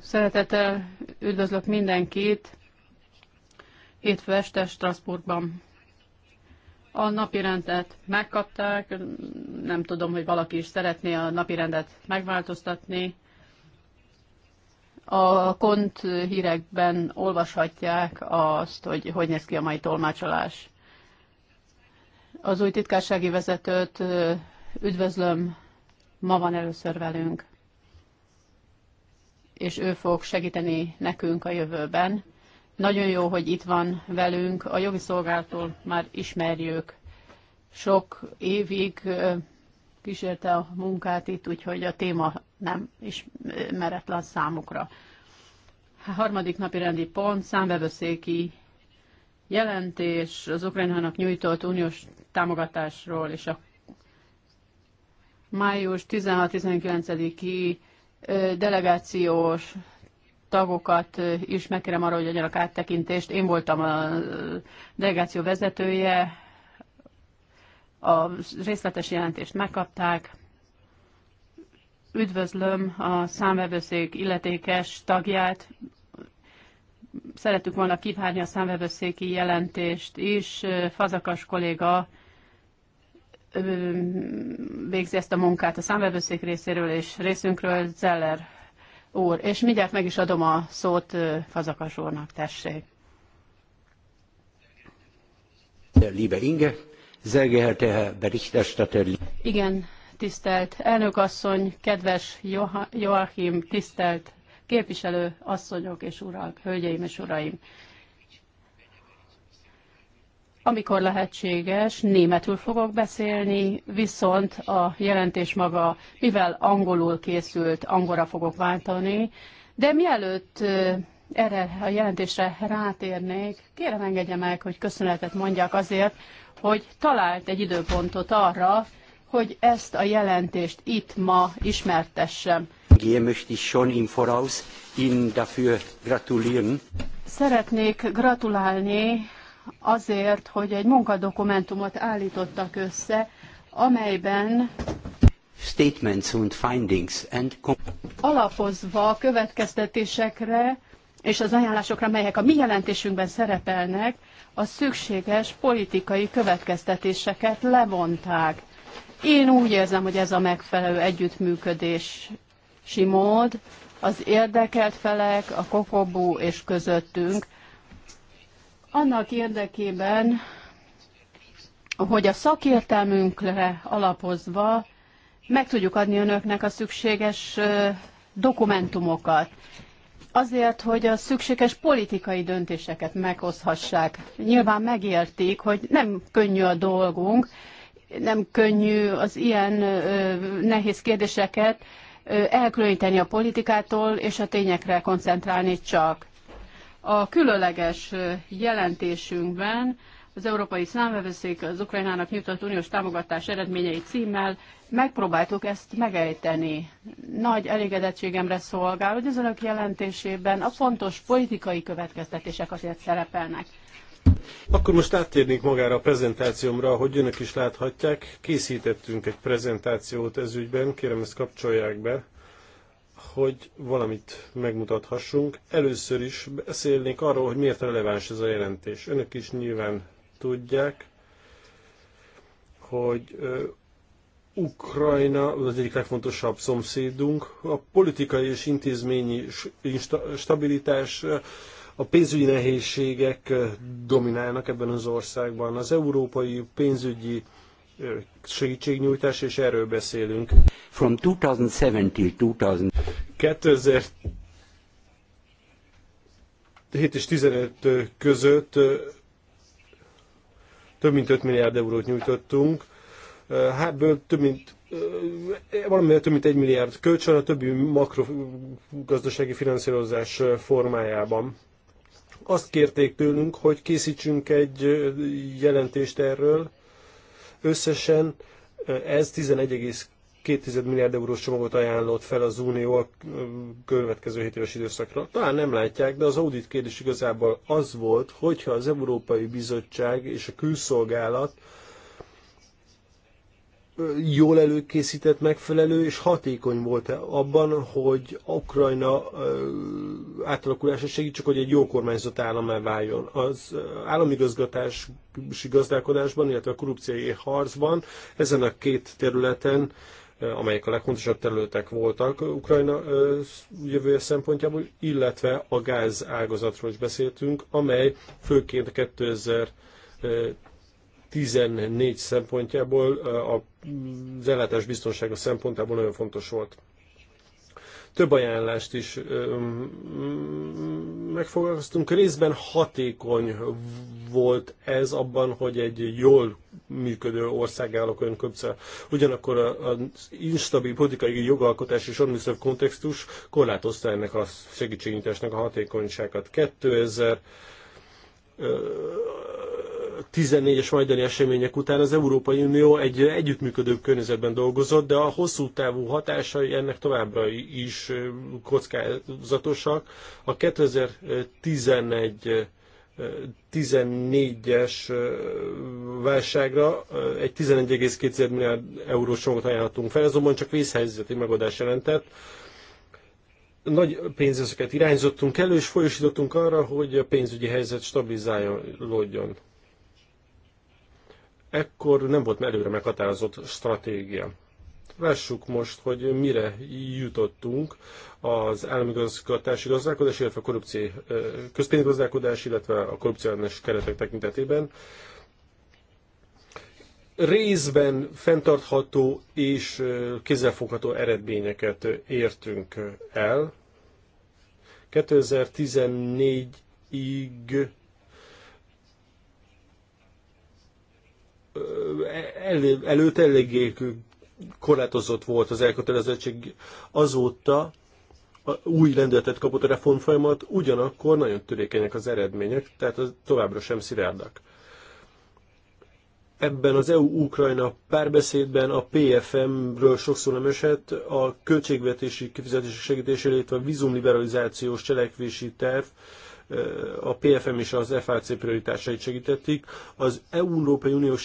Szeretettel üdvözlök mindenkit hétfő este Strasbourgban. A napirendet megkapták, nem tudom, hogy valaki is szeretné a napirendet megváltoztatni. A kont hírekben olvashatják azt, hogy hogy néz ki a mai tolmácsolás. Az új titkársági vezetőt üdvözlöm ma van először velünk, és ő fog segíteni nekünk a jövőben. Nagyon jó, hogy itt van velünk, a jogi szolgáltól már ismerjük. Sok évig kísérte a munkát itt, úgyhogy a téma nem ismeretlen számukra. A harmadik napi rendi pont, számbevőszéki jelentés az Ukrajnának nyújtott uniós támogatásról és a május 16-19-i delegációs tagokat is megkérem arra, hogy adjanak áttekintést. Én voltam a delegáció vezetője, a részletes jelentést megkapták. Üdvözlöm a számvevőszék illetékes tagját. Szerettük volna kivárni a számvevőszéki jelentést is. Fazakas kolléga végzi ezt a munkát a számvevőszék részéről és részünkről Zeller úr. És mindjárt meg is adom a szót Fazakas úrnak, tessék. Liebe Inge, sehr geehrte Herr Berichterstatter. Igen, tisztelt elnökasszony, kedves Joachim, tisztelt képviselő asszonyok és urak, hölgyeim és uraim amikor lehetséges, németül fogok beszélni, viszont a jelentés maga, mivel angolul készült, angolra fogok váltani, de mielőtt erre a jelentésre rátérnék, kérem engedje meg, hogy köszönetet mondjak azért, hogy talált egy időpontot arra, hogy ezt a jelentést itt ma ismertessem. Szeretnék gratulálni azért, hogy egy munkadokumentumot állítottak össze, amelyben statements and findings and alapozva következtetésekre és az ajánlásokra, melyek a mi jelentésünkben szerepelnek, a szükséges politikai következtetéseket levonták. Én úgy érzem, hogy ez a megfelelő együttműködési mód az érdekelt felek, a kokobú és közöttünk, annak érdekében, hogy a szakértelmünkre alapozva meg tudjuk adni önöknek a szükséges dokumentumokat. Azért, hogy a szükséges politikai döntéseket meghozhassák. Nyilván megértik, hogy nem könnyű a dolgunk, nem könnyű az ilyen nehéz kérdéseket elkülöníteni a politikától és a tényekre koncentrálni csak. A különleges jelentésünkben az Európai Számvevőszék az Ukrajnának nyújtott uniós támogatás eredményei címmel megpróbáltuk ezt megejteni. Nagy elégedettségemre szolgál, hogy az önök jelentésében a fontos politikai következtetések azért szerepelnek. Akkor most áttérnénk magára a prezentációmra, hogy önök is láthatják, készítettünk egy prezentációt ez ügyben, kérem ezt kapcsolják be hogy valamit megmutathassunk. Először is beszélnék arról, hogy miért releváns ez a jelentés. Önök is nyilván tudják, hogy Ukrajna az egyik legfontosabb szomszédunk. A politikai és intézményi stabilitás, a pénzügyi nehézségek dominálnak ebben az országban. Az európai pénzügyi segítségnyújtás, és erről beszélünk. From 2007 till 2000... 2007 és 15 között több mint 5 milliárd eurót nyújtottunk, hátből több mint valamivel több mint egy milliárd kölcsön, a többi makrogazdasági finanszírozás formájában. Azt kérték tőlünk, hogy készítsünk egy jelentést erről. Összesen ez 2 milliárd eurós csomagot ajánlott fel az Unió a következő 7 éves időszakra. Talán nem látják, de az audit kérdés igazából az volt, hogyha az Európai Bizottság és a külszolgálat jól előkészített, megfelelő és hatékony volt -e abban, hogy Ukrajna átalakulása segít, csak hogy egy jó kormányzott államá váljon. Az állami gazdálkodásban, illetve a korrupciai harcban ezen a két területen amelyek a legfontosabb területek voltak Ukrajna jövője szempontjából, illetve a gáz ágazatról is beszéltünk, amely főként 2014 szempontjából, mm, az ellátás biztonsága szempontjából nagyon fontos volt. Több ajánlást is megfogalmaztunk. Részben hatékony volt ez abban, hogy egy jól működő ország állok önkapcsal. Ugyanakkor az instabil politikai jogalkotás és administratív kontextus korlátozta ennek a segítségnyújtásnak a hatékonyságát. 2000 14-es majdani események után az Európai Unió egy együttműködő környezetben dolgozott, de a hosszú távú hatásai ennek továbbra is kockázatosak. A 2011 14-es válságra egy 11,2 milliárd eurós csomagot ajánlottunk fel, azonban csak vészhelyzeti megoldás jelentett. Nagy pénzözöket irányzottunk elő, és folyosítottunk arra, hogy a pénzügyi helyzet stabilizálódjon ekkor nem volt előre meghatározott stratégia. Lássuk most, hogy mire jutottunk az államigazgatási gazdálkodás, illetve a korrupció gazdálkodás, illetve a korrupciális keretek tekintetében. Részben fenntartható és kézzelfogható eredményeket értünk el. 2014-ig el, előtt eléggé korlátozott volt az elkötelezettség. Azóta új lendületet kapott a reformfolyamat, ugyanakkor nagyon törékenyek az eredmények, tehát az továbbra sem szilárdak. Ebben az EU-Ukrajna párbeszédben a PFM-ről sokszor nem esett, a költségvetési kifizetési segítésére, illetve a vízumliberalizációs cselekvési terv, a PFM és az FAC prioritásait segítették. Az Európai Unió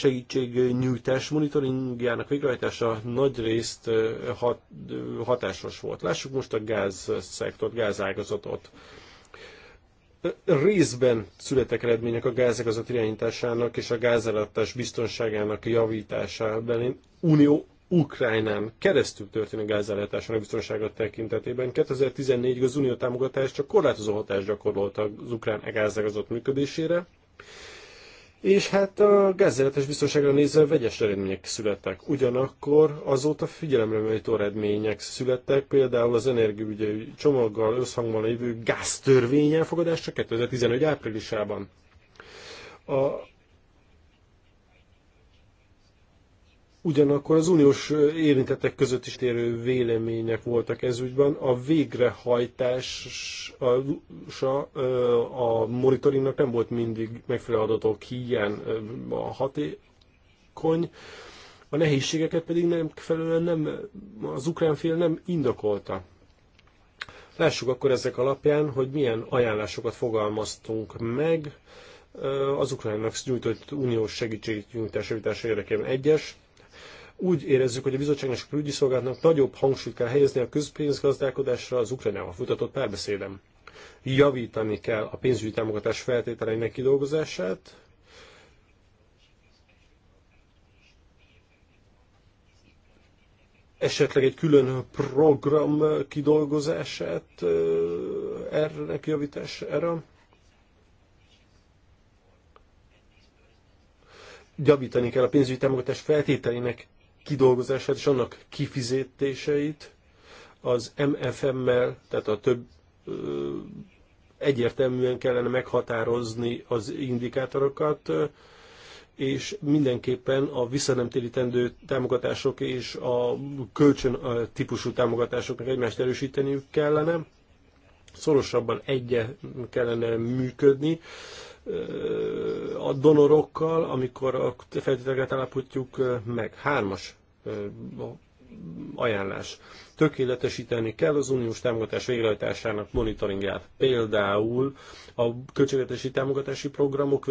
nyújtás monitoringjának végrehajtása nagy részt hat, hatásos volt. Lássuk most a gázszektort, gázágazatot részben születek eredmények a gázágazat irányításának és a gázellátás biztonságának javítása Unió Ukrajnán keresztül történő gázellátásának biztonsága tekintetében 2014-ig az unió támogatás csak korlátozó hatást gyakorolt az ukrán gázágazat működésére, és hát a gázzeletes biztonságra nézve vegyes eredmények születtek. Ugyanakkor azóta figyelemre méltó eredmények születtek, például az energiaügyi csomaggal összhangban lévő gáztörvény elfogadása 2011 áprilisában. A Ugyanakkor az uniós érintettek között is térő vélemények voltak ez ügyben. A végrehajtása a monitoringnak nem volt mindig megfelelő adatok hiány a hatékony, a nehézségeket pedig nem felően nem, az ukrán fél nem indokolta. Lássuk akkor ezek alapján, hogy milyen ajánlásokat fogalmaztunk meg az ukránnak nyújtott uniós segítségnyújtás javítása érdekében. Egyes, úgy érezzük, hogy a bizottságnak és a szolgálatnak nagyobb hangsúlyt kell helyezni a közpénzgazdálkodásra az Ukrajnával futatott párbeszédem. Javítani kell a pénzügyi támogatás feltételeinek kidolgozását, esetleg egy külön program kidolgozását erre javítására. Javítani kell a pénzügyi támogatás feltételének kidolgozását és annak kifizetéseit az MFM-mel, tehát a több egyértelműen kellene meghatározni az indikátorokat, és mindenképpen a visszanemtérítendő támogatások és a kölcsön típusú támogatásoknak egymást erősíteniük kellene. Szorosabban egyen kellene működni, a donorokkal, amikor a feltételeket állapítjuk meg. Hármas ajánlás. Tökéletesíteni kell az uniós támogatás végrehajtásának monitoringját. Például a költségvetési támogatási programok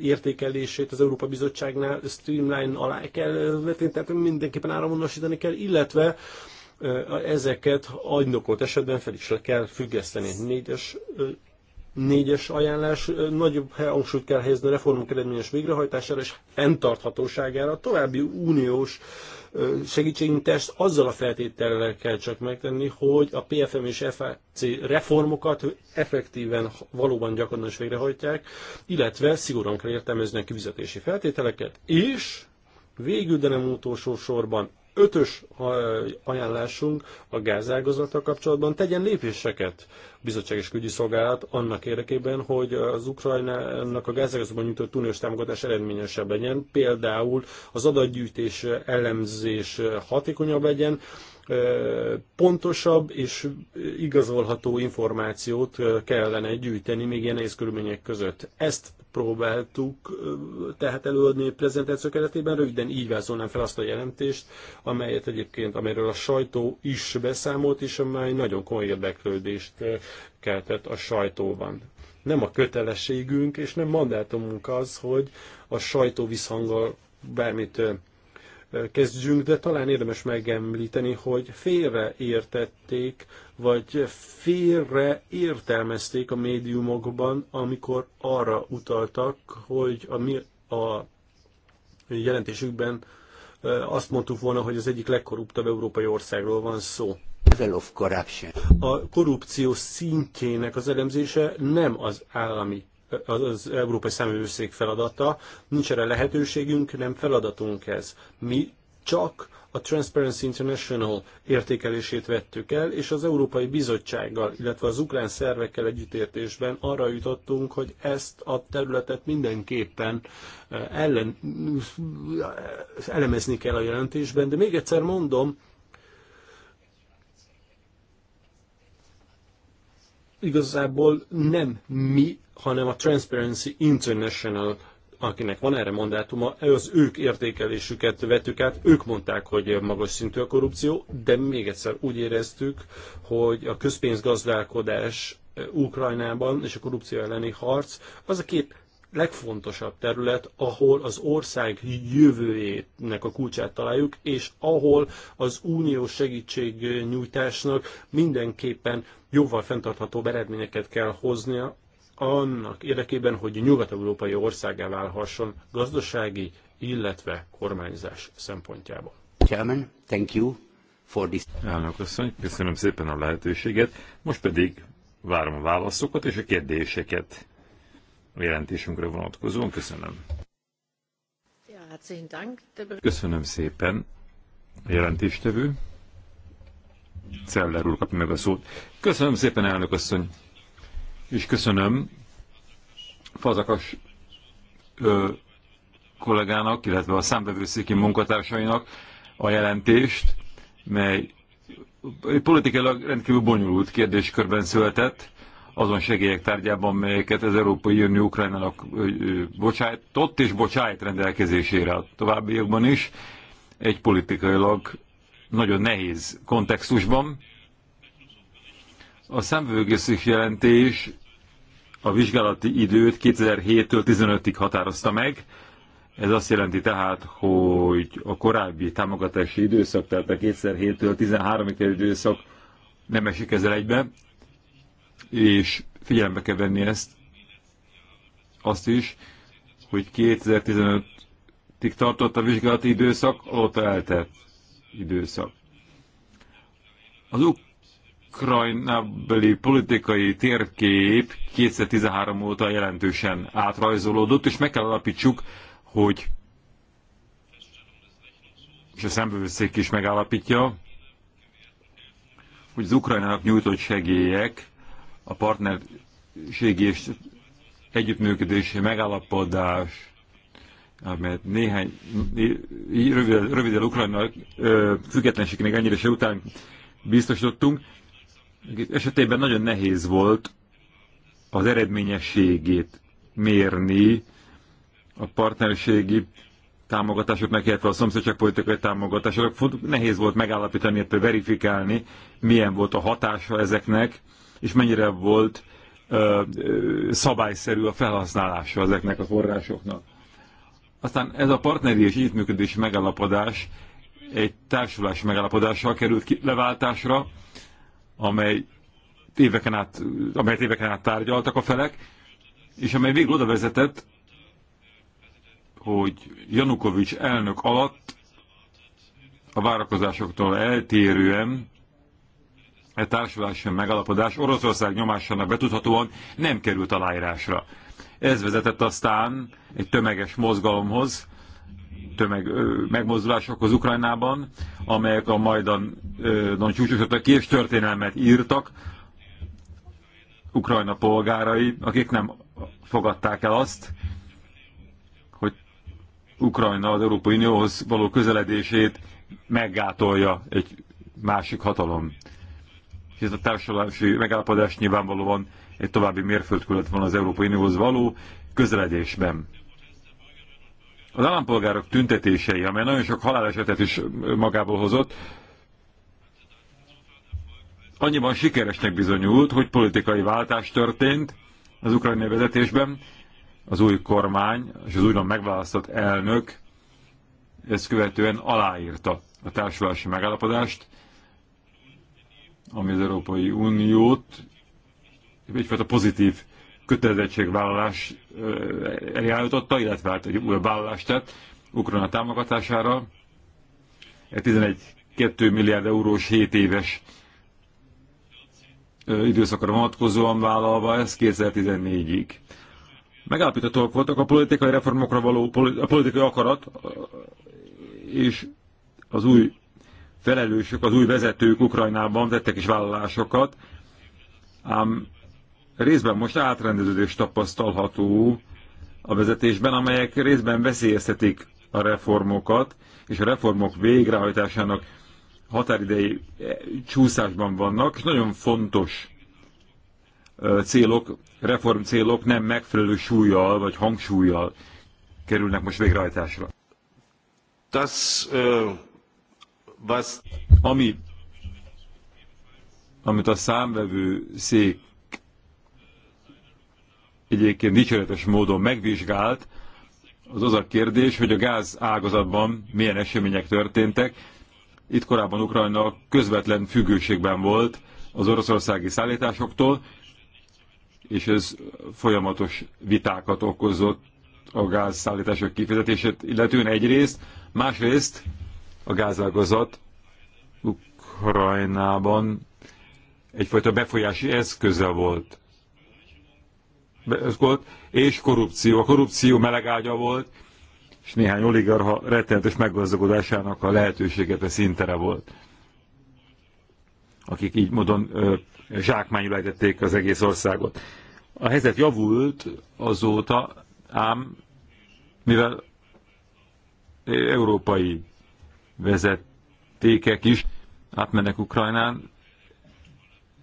értékelését az Európa Bizottságnál streamline alá kell vetni, tehát mindenképpen áramvonalasítani kell, illetve ezeket agynokolt esetben fel is le kell függeszteni. Négyes négyes ajánlás nagyobb hangsúlyt kell helyezni a reformok eredményes végrehajtására és fenntarthatóságára. További uniós segítségnyújtást azzal a feltétellel kell csak megtenni, hogy a PFM és FAC reformokat effektíven valóban gyakorlatilag végrehajtják, illetve szigorúan kell értelmezni a kivizetési feltételeket, és végül, de nem utolsó sorban ötös ajánlásunk a gázágazattal kapcsolatban tegyen lépéseket a bizottság és külügyi szolgálat annak érdekében, hogy az Ukrajnának a gázágazatban nyújtott uniós támogatás eredményesebb legyen, például az adatgyűjtés elemzés hatékonyabb legyen, e, pontosabb és igazolható információt kellene gyűjteni még ilyen nehéz körülmények között. Ezt próbáltuk tehát előadni a prezentáció keretében. Röviden így vázolnám fel azt a jelentést, amelyet egyébként, amelyről a sajtó is beszámolt, és amely nagyon komoly érdeklődést keltett a sajtóban. Nem a kötelességünk és nem mandátumunk az, hogy a sajtó visszhanggal bármit kezdjünk, de talán érdemes megemlíteni, hogy félreértették, vagy félre értelmezték a médiumokban, amikor arra utaltak, hogy a, mi, a jelentésükben azt mondtuk volna, hogy az egyik legkorruptabb európai országról van szó. A korrupció szintjének az elemzése nem az állami az, az Európai Számövőszék feladata. Nincs erre lehetőségünk, nem feladatunk ez. Mi csak a Transparency International értékelését vettük el, és az Európai Bizottsággal, illetve az ukrán szervekkel együttértésben arra jutottunk, hogy ezt a területet mindenképpen eh, ellen, elemezni kell a jelentésben, de még egyszer mondom, igazából nem mi hanem a Transparency International akinek van erre mandátuma, e az ők értékelésüket vettük át, ők mondták, hogy magas szintű a korrupció, de még egyszer úgy éreztük, hogy a közpénzgazdálkodás e, Ukrajnában és a korrupció elleni harc az a két legfontosabb terület, ahol az ország jövőjének a kulcsát találjuk, és ahol az unió segítségnyújtásnak mindenképpen jóval fenntarthatóbb eredményeket kell hoznia annak érdekében, hogy nyugat-európai országá válhasson gazdasági, illetve kormányzás szempontjából. Chairman, thank you for this. Elnök asszony, köszönöm szépen a lehetőséget. Most pedig várom a válaszokat és a kérdéseket a jelentésünkre vonatkozóan. Köszönöm. Köszönöm szépen a jelentéstevő. Celler úr kapja meg a szót. Köszönöm szépen, elnök asszony és köszönöm Fazakas ö, kollégának, illetve a számbevőszéki munkatársainak a jelentést, mely politikailag rendkívül bonyolult kérdéskörben született, azon segélyek tárgyában, melyeket az Európai Unió Ukrajnának bocsájtott és bocsájt rendelkezésére a továbbiakban is, egy politikailag nagyon nehéz kontextusban, a számvőgészik jelentés a vizsgálati időt 2007-től 15-ig határozta meg. Ez azt jelenti tehát, hogy a korábbi támogatási időszak, tehát a 2007-től 13-ig időszak nem esik ezzel egybe, és figyelembe kell venni ezt, azt is, hogy 2015-ig tartott a vizsgálati időszak, alatt eltett időszak. Az ukrajnabeli politikai térkép 2013 óta jelentősen átrajzolódott, és meg kell alapítsuk, hogy és a szembevőszék is megállapítja, hogy az Ukrajnának nyújtott segélyek a partnerségi és együttműködési megállapodás, mert néhány rövidel, rövidel Ukrajna függetlenségének ennyire se után biztosítottunk, esetében nagyon nehéz volt az eredményességét mérni a partnerségi támogatásoknak, illetve a politikai támogatásoknak. Nehéz volt megállapítani, illetve verifikálni, milyen volt a hatása ezeknek, és mennyire volt ö, ö, szabályszerű a felhasználása ezeknek a forrásoknak. Aztán ez a partneri és együttműködési megállapodás egy társulás megállapodással került leváltásra, amely éveken át, amelyet éveken át tárgyaltak a felek, és amely végül oda vezetett, hogy Janukovics elnök alatt a várakozásoktól eltérően e társulási megalapodás Oroszország nyomásának betudhatóan nem került aláírásra. Ez vezetett aztán egy tömeges mozgalomhoz, tömeg megmozdulásokhoz Ukrajnában, amelyek a Majdanon csúcsosodtak ki, és történelmet írtak Ukrajna polgárai, akik nem fogadták el azt, hogy Ukrajna az Európai Unióhoz való közeledését meggátolja egy másik hatalom. És ez a társadalmi megállapodás nyilvánvalóan egy további mérföldkület van az Európai Unióhoz való közeledésben az állampolgárok tüntetései, amely nagyon sok halálesetet is magából hozott, annyiban sikeresnek bizonyult, hogy politikai váltás történt az ukrajnai vezetésben, az új kormány és az úgymond megválasztott elnök ezt követően aláírta a társulási megállapodást, ami az Európai Uniót egyfajta pozitív kötelezettségvállalás eljállította, illetve hát egy új vállalást tett Ukrajna támogatására. Egy 11-2 milliárd eurós 7 éves időszakra vonatkozóan vállalva ez 2014-ig. Megállapítottak voltak a politikai reformokra való a politikai akarat, és az új felelősök, az új vezetők Ukrajnában tettek is vállalásokat, ám Részben most átrendeződés tapasztalható a vezetésben, amelyek részben veszélyeztetik a reformokat, és a reformok végrehajtásának határidei eh, csúszásban vannak, és nagyon fontos eh, célok, reformcélok nem megfelelő súlyjal vagy hangsúlyjal kerülnek most végrehajtásra. Das, uh, was... Ami, amit a számvevő szék egyébként dicséretes módon megvizsgált, az az a kérdés, hogy a gáz ágazatban milyen események történtek. Itt korábban Ukrajna közvetlen függőségben volt az oroszországi szállításoktól, és ez folyamatos vitákat okozott a gázszállítások kifizetését, illetően egyrészt, másrészt a gázágazat Ukrajnában egyfajta befolyási eszköze volt volt, és korrupció. A korrupció melegágya volt, és néhány oligarha rettenetes meggazdagodásának a lehetőséget a szintere volt. Akik így módon zsákmányul ejtették az egész országot. A helyzet javult azóta, ám mivel európai vezetékek is átmennek Ukrajnán,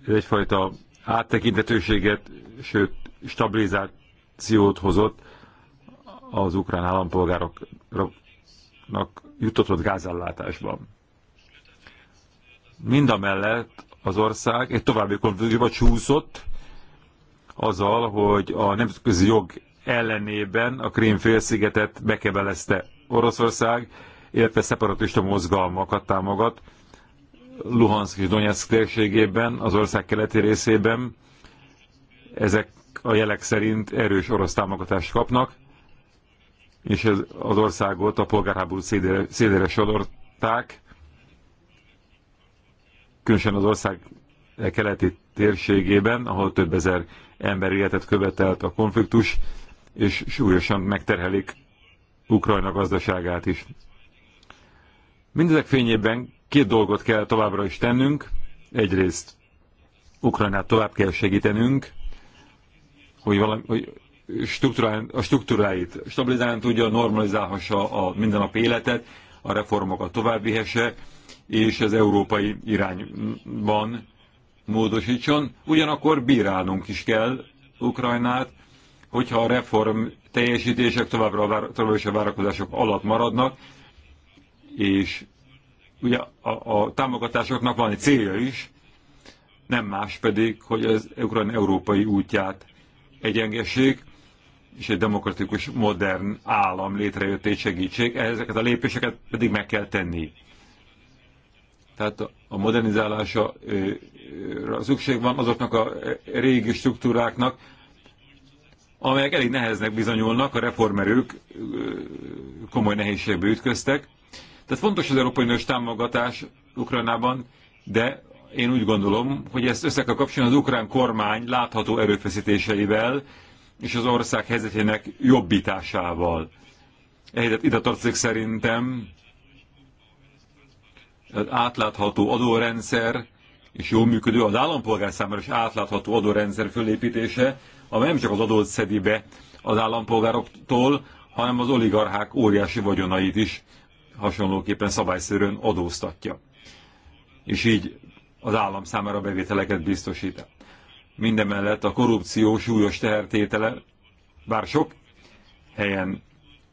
ez egyfajta áttekintetőséget, sőt stabilizációt hozott az ukrán állampolgároknak jutatott gázellátásban. Mind a mellett az ország egy további konfliktusba csúszott azzal, hogy a nemzetközi jog ellenében a félszigetet bekebelezte Oroszország, illetve szeparatista mozgalmakat támogat Luhansk és Donetsk térségében, az ország keleti részében. Ezek a jelek szerint erős orosz támogatást kapnak, és ez az országot a polgárháború szédére, szédére sodorták, különösen az ország e keleti térségében, ahol több ezer ember életet követelt a konfliktus, és súlyosan megterhelik Ukrajna gazdaságát is. Mindezek fényében két dolgot kell továbbra is tennünk. Egyrészt Ukrajnát tovább kell segítenünk, hogy, valami, hogy a struktúráit stabilizálni tudja, normalizálhassa a mindennapi életet, a reformokat továbbvihesse, és az európai irányban módosítson. Ugyanakkor bírálnunk is kell Ukrajnát, hogyha a reform teljesítések továbbra a, továbbra is a várakozások alatt maradnak, és ugye a, a támogatásoknak van egy célja is, nem más pedig, hogy az Ukrajna európai útját egyengesség és egy demokratikus, modern állam létrejöttét segítség, ezeket a lépéseket pedig meg kell tenni. Tehát a modernizálása szükség van azoknak a régi struktúráknak, amelyek elég neheznek bizonyulnak, a reformerők komoly nehézségbe ütköztek. Tehát fontos az Európai Nős támogatás Ukrajnában, de én úgy gondolom, hogy ezt össze kell kapcsolni az ukrán kormány látható erőfeszítéseivel és az ország helyzetének jobbításával. Ehhez ide tartozik szerintem az átlátható adórendszer, és jól működő az állampolgár számára is átlátható adórendszer fölépítése, amely nem csak az adót szedi be az állampolgároktól, hanem az oligarchák óriási vagyonait is hasonlóképpen szabályszerűen adóztatja. És így az állam számára bevételeket biztosít. Mindemellett a korrupció súlyos tehertétele, bár sok helyen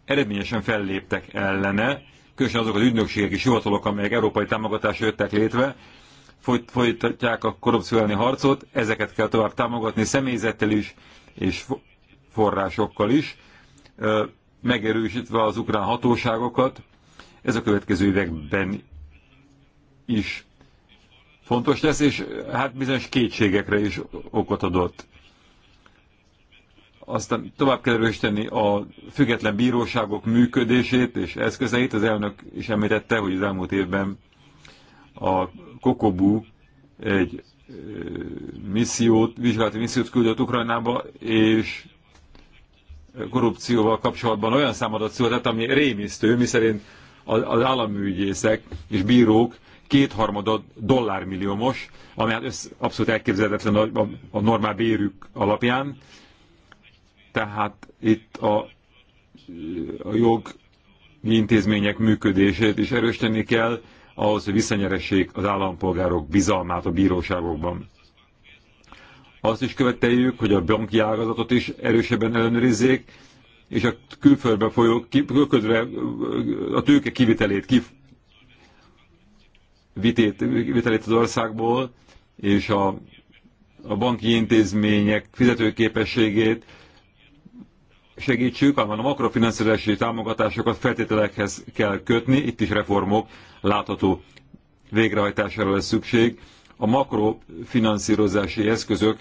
eredményesen felléptek ellene, különösen azok az ügynökségek és hivatalok, amelyek európai támogatásra jöttek létre, folytatják a korrupció elleni harcot, ezeket kell tovább támogatni személyzettel is, és forrásokkal is, megerősítve az ukrán hatóságokat. Ez a következő években is fontos lesz, és hát bizonyos kétségekre is okot adott. Aztán tovább kell erősíteni a független bíróságok működését és eszközeit. Az elnök is említette, hogy az elmúlt évben a Kokobu egy missziót, vizsgálati missziót küldött Ukrajnába, és korrupcióval kapcsolatban olyan számadat született, ami rémisztő, miszerint az államügyészek és bírók kétharmada dollármilliómos, ami hát össz, abszolút elképzelhetetlen a, a, a normál bérük alapján. Tehát itt a, a jog intézmények működését is erősíteni kell, ahhoz, hogy visszanyeressék az állampolgárok bizalmát a bíróságokban. Azt is követeljük, hogy a banki ágazatot is erősebben ellenőrizzék, és a külföldbe folyó, külföldre a tőke kivitelét kif, vitét, vitelét az országból, és a, a banki intézmények fizetőképességét segítsük, hanem a makrofinanszírozási támogatásokat feltételekhez kell kötni, itt is reformok látható végrehajtására lesz szükség. A makrofinanszírozási eszközök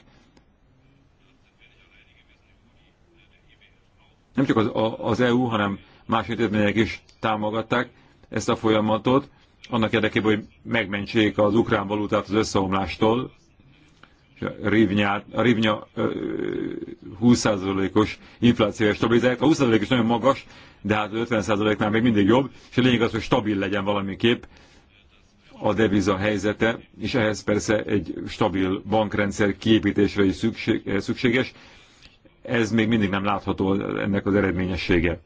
nem csak az, az EU, hanem más intézmények is támogatták ezt a folyamatot, annak érdekében, hogy megmentsék az ukrán valutát az összeomlástól, a rivnya, a rivnya 20%-os inflációja stabilizálják. A 20% is nagyon magas, de hát 50%-nál még mindig jobb, és a lényeg az, hogy stabil legyen valamiképp a deviza helyzete, és ehhez persze egy stabil bankrendszer kiépítésre is szükség, eh, szükséges. Ez még mindig nem látható ennek az eredményessége.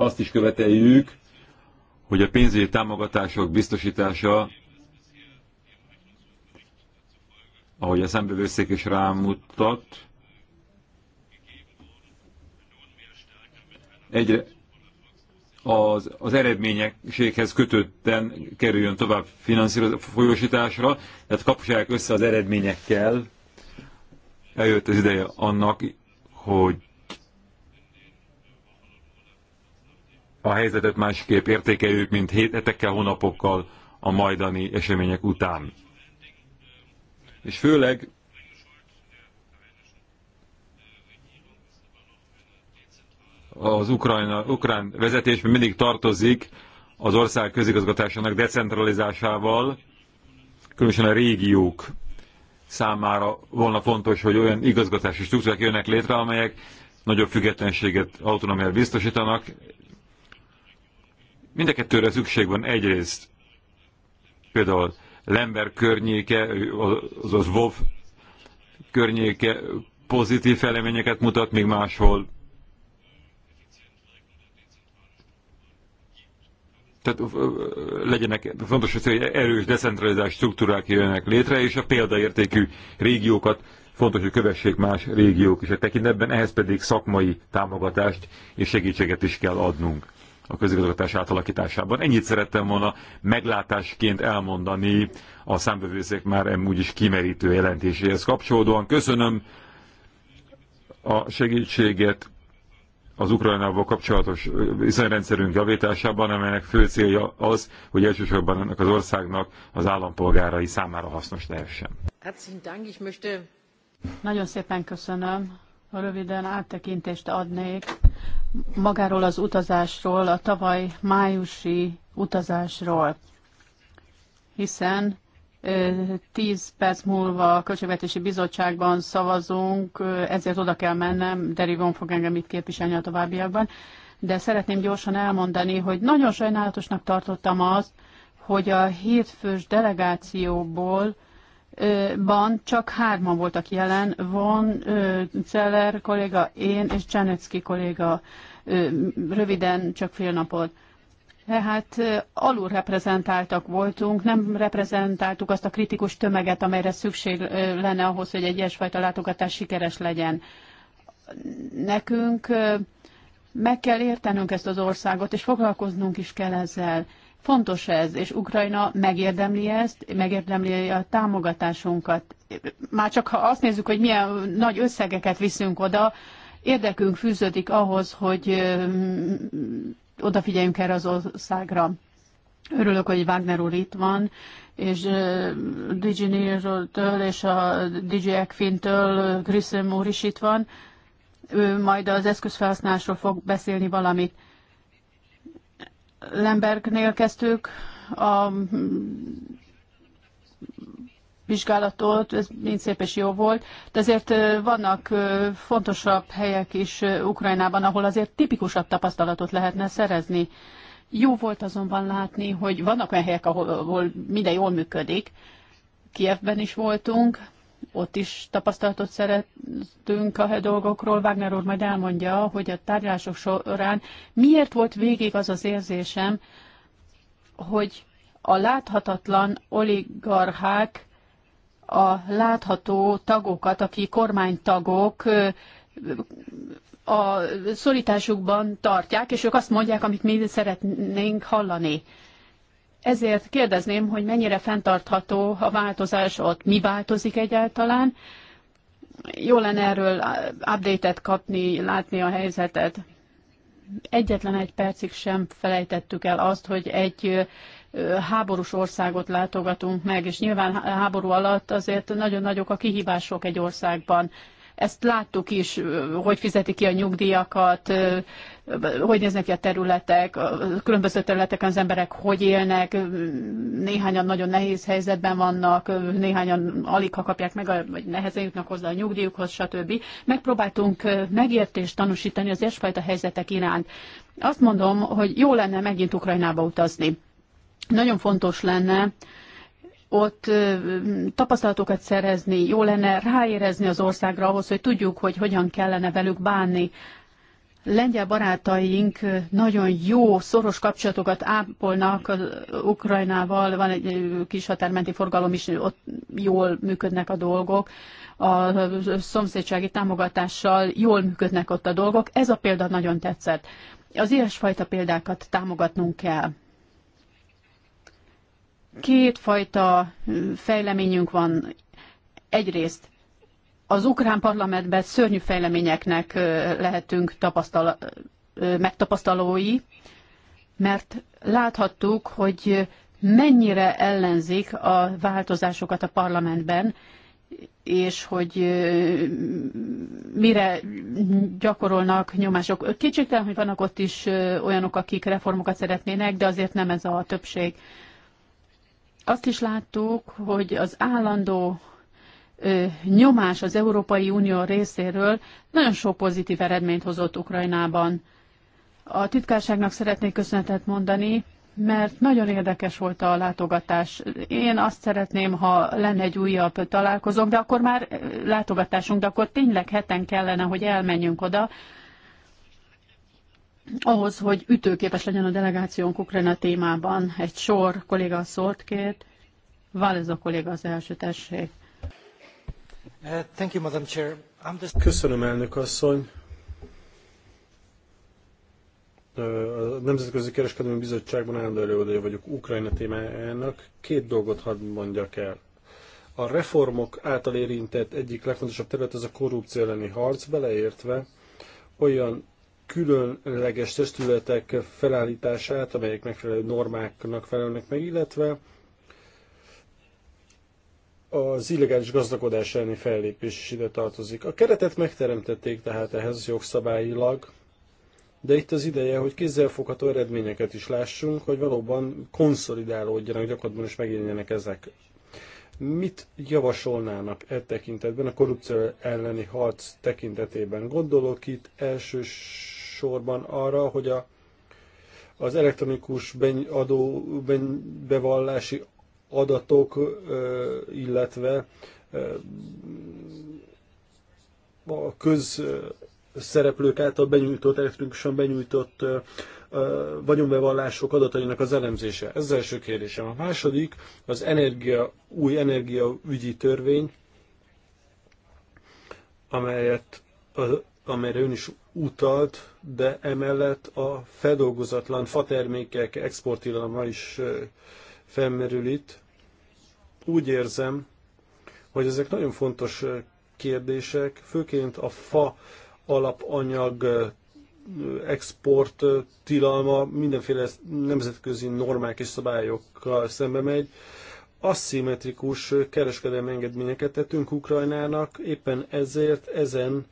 Azt is követeljük, hogy a pénzügyi támogatások biztosítása, ahogy a szembevőszék is rámutat, egyre az, az eredményekséghez kötötten kerüljön tovább finanszírozásra, tehát kapcsolják össze az eredményekkel. Eljött az ideje annak, hogy a helyzetet másképp értékeljük, mint hét hetekkel, hónapokkal a majdani események után. És főleg az Ukrajna, ukrán vezetésben mindig tartozik az ország közigazgatásának decentralizásával, különösen a régiók számára volna fontos, hogy olyan igazgatási struktúrák jönnek létre, amelyek nagyobb függetlenséget, autonómiát biztosítanak, Mind a kettőre szükség van egyrészt például Lember környéke, azaz Wolf környéke pozitív eleményeket mutat, még máshol tehát legyenek, fontos, hogy erős decentralizált struktúrák jöjjenek létre, és a példaértékű régiókat fontos, hogy kövessék más régiók is. A tekintetben ehhez pedig szakmai támogatást és segítséget is kell adnunk a közigazgatás átalakításában. Ennyit szerettem volna meglátásként elmondani a számbevőszék már úgyis kimerítő jelentéséhez kapcsolódóan. Köszönöm a segítséget az Ukrajnával kapcsolatos viszonyrendszerünk javításában, amelynek fő célja az, hogy elsősorban ennek az országnak az állampolgárai számára hasznos lehessen. Nagyon szépen köszönöm. Röviden áttekintést adnék magáról az utazásról, a tavaly májusi utazásról, hiszen tíz perc múlva a Költségvetési Bizottságban szavazunk, ezért oda kell mennem, Derivon fog engem itt képviselni a továbbiakban, de szeretném gyorsan elmondani, hogy nagyon sajnálatosnak tartottam azt, hogy a hétfős delegációból ban csak hárman voltak jelen, van Celler kolléga, én és Csenecki kolléga röviden, csak fél napot. Tehát alul reprezentáltak voltunk, nem reprezentáltuk azt a kritikus tömeget, amelyre szükség lenne ahhoz, hogy egy ilyesfajta látogatás sikeres legyen. Nekünk meg kell értenünk ezt az országot, és foglalkoznunk is kell ezzel. Fontos ez, és Ukrajna megérdemli ezt, megérdemli a támogatásunkat. Már csak ha azt nézzük, hogy milyen nagy összegeket viszünk oda, érdekünk fűződik ahhoz, hogy odafigyeljünk erre az országra. Örülök, hogy Wagner úr itt van, és DJ Digi Nirtől és a Digi Ekfintől Griszem úr is itt van. Ő majd az eszközfelhasználásról fog beszélni valamit. Lembergnél kezdtük a vizsgálatot, ez mind szép és jó volt, de azért vannak fontosabb helyek is Ukrajnában, ahol azért tipikusabb tapasztalatot lehetne szerezni. Jó volt azonban látni, hogy vannak olyan helyek, ahol, ahol minden jól működik. Kievben is voltunk, ott is tapasztalatot szeretünk a dolgokról. Wagner úr majd elmondja, hogy a tárgyalások során miért volt végig az az érzésem, hogy a láthatatlan oligarchák a látható tagokat, akik kormánytagok, a szorításukban tartják, és ők azt mondják, amit mi szeretnénk hallani. Ezért kérdezném, hogy mennyire fenntartható a változás ott, mi változik egyáltalán. Jó lenne erről update-et kapni, látni a helyzetet. Egyetlen egy percig sem felejtettük el azt, hogy egy háborús országot látogatunk meg, és nyilván háború alatt azért nagyon nagyok a kihívások egy országban. Ezt láttuk is, hogy fizeti ki a nyugdíjakat, hogy néznek ki a területek, a különböző területeken az emberek hogy élnek, néhányan nagyon nehéz helyzetben vannak, néhányan alig ha kapják meg, vagy nehezen jutnak hozzá a nyugdíjukhoz, stb. Megpróbáltunk megértést tanúsítani az ilyesfajta helyzetek iránt. Azt mondom, hogy jó lenne megint Ukrajnába utazni. Nagyon fontos lenne, ott tapasztalatokat szerezni, jó lenne ráérezni az országra ahhoz, hogy tudjuk, hogy hogyan kellene velük bánni. Lengyel barátaink nagyon jó, szoros kapcsolatokat ápolnak az Ukrajnával, van egy kis határmenti forgalom is, ott jól működnek a dolgok, a szomszédsági támogatással jól működnek ott a dolgok. Ez a példa nagyon tetszett. Az ilyesfajta példákat támogatnunk kell kétfajta fejleményünk van. Egyrészt az ukrán parlamentben szörnyű fejleményeknek lehetünk megtapasztalói, mert láthattuk, hogy mennyire ellenzik a változásokat a parlamentben, és hogy mire gyakorolnak nyomások. Kétségtelen, hogy vannak ott is olyanok, akik reformokat szeretnének, de azért nem ez a többség. Azt is láttuk, hogy az állandó nyomás az Európai Unió részéről nagyon sok pozitív eredményt hozott Ukrajnában. A titkárságnak szeretnék köszönetet mondani, mert nagyon érdekes volt a látogatás. Én azt szeretném, ha lenne egy újabb találkozónk, de akkor már látogatásunk, de akkor tényleg heten kellene, hogy elmenjünk oda, ahhoz, hogy ütőképes legyen a delegációnk Ukrajna témában. Egy sor kolléga szólt szót kért. Vález a kolléga az első, tessék. Uh, Köszönöm, elnök asszony. Uh, a Nemzetközi Kereskedelmi Bizottságban állandó előadója vagyok Ukrajna témájának. Két dolgot hadd mondjak el. A reformok által érintett egyik legfontosabb terület az a korrupció elleni harc, beleértve olyan különleges testületek felállítását, amelyek megfelelő normáknak felelnek meg, illetve az illegális gazdagodás elleni fellépés is ide tartozik. A keretet megteremtették tehát ehhez jogszabályilag, de itt az ideje, hogy kézzelfogható eredményeket is lássunk, hogy valóban konszolidálódjanak, gyakorlatban is megjelenjenek ezek. Mit javasolnának e tekintetben a korrupció elleni harc tekintetében? Gondolok itt elsős sorban arra, hogy a, az elektronikus beny, adó beny, bevallási adatok, illetve a közszereplők által benyújtott, elektronikusan benyújtott vagyonbevallások adatainak az elemzése. Ez az első kérdésem. A második az energia, új energiaügyi törvény, amelyet, amelyre ön is utalt, de emellett a feldolgozatlan fatermékek exportilalma is felmerül itt. Úgy érzem, hogy ezek nagyon fontos kérdések, főként a fa alapanyag export tilalma mindenféle nemzetközi normák és szabályokkal szembe megy. Aszimmetrikus kereskedelmi engedményeket tettünk Ukrajnának, éppen ezért ezen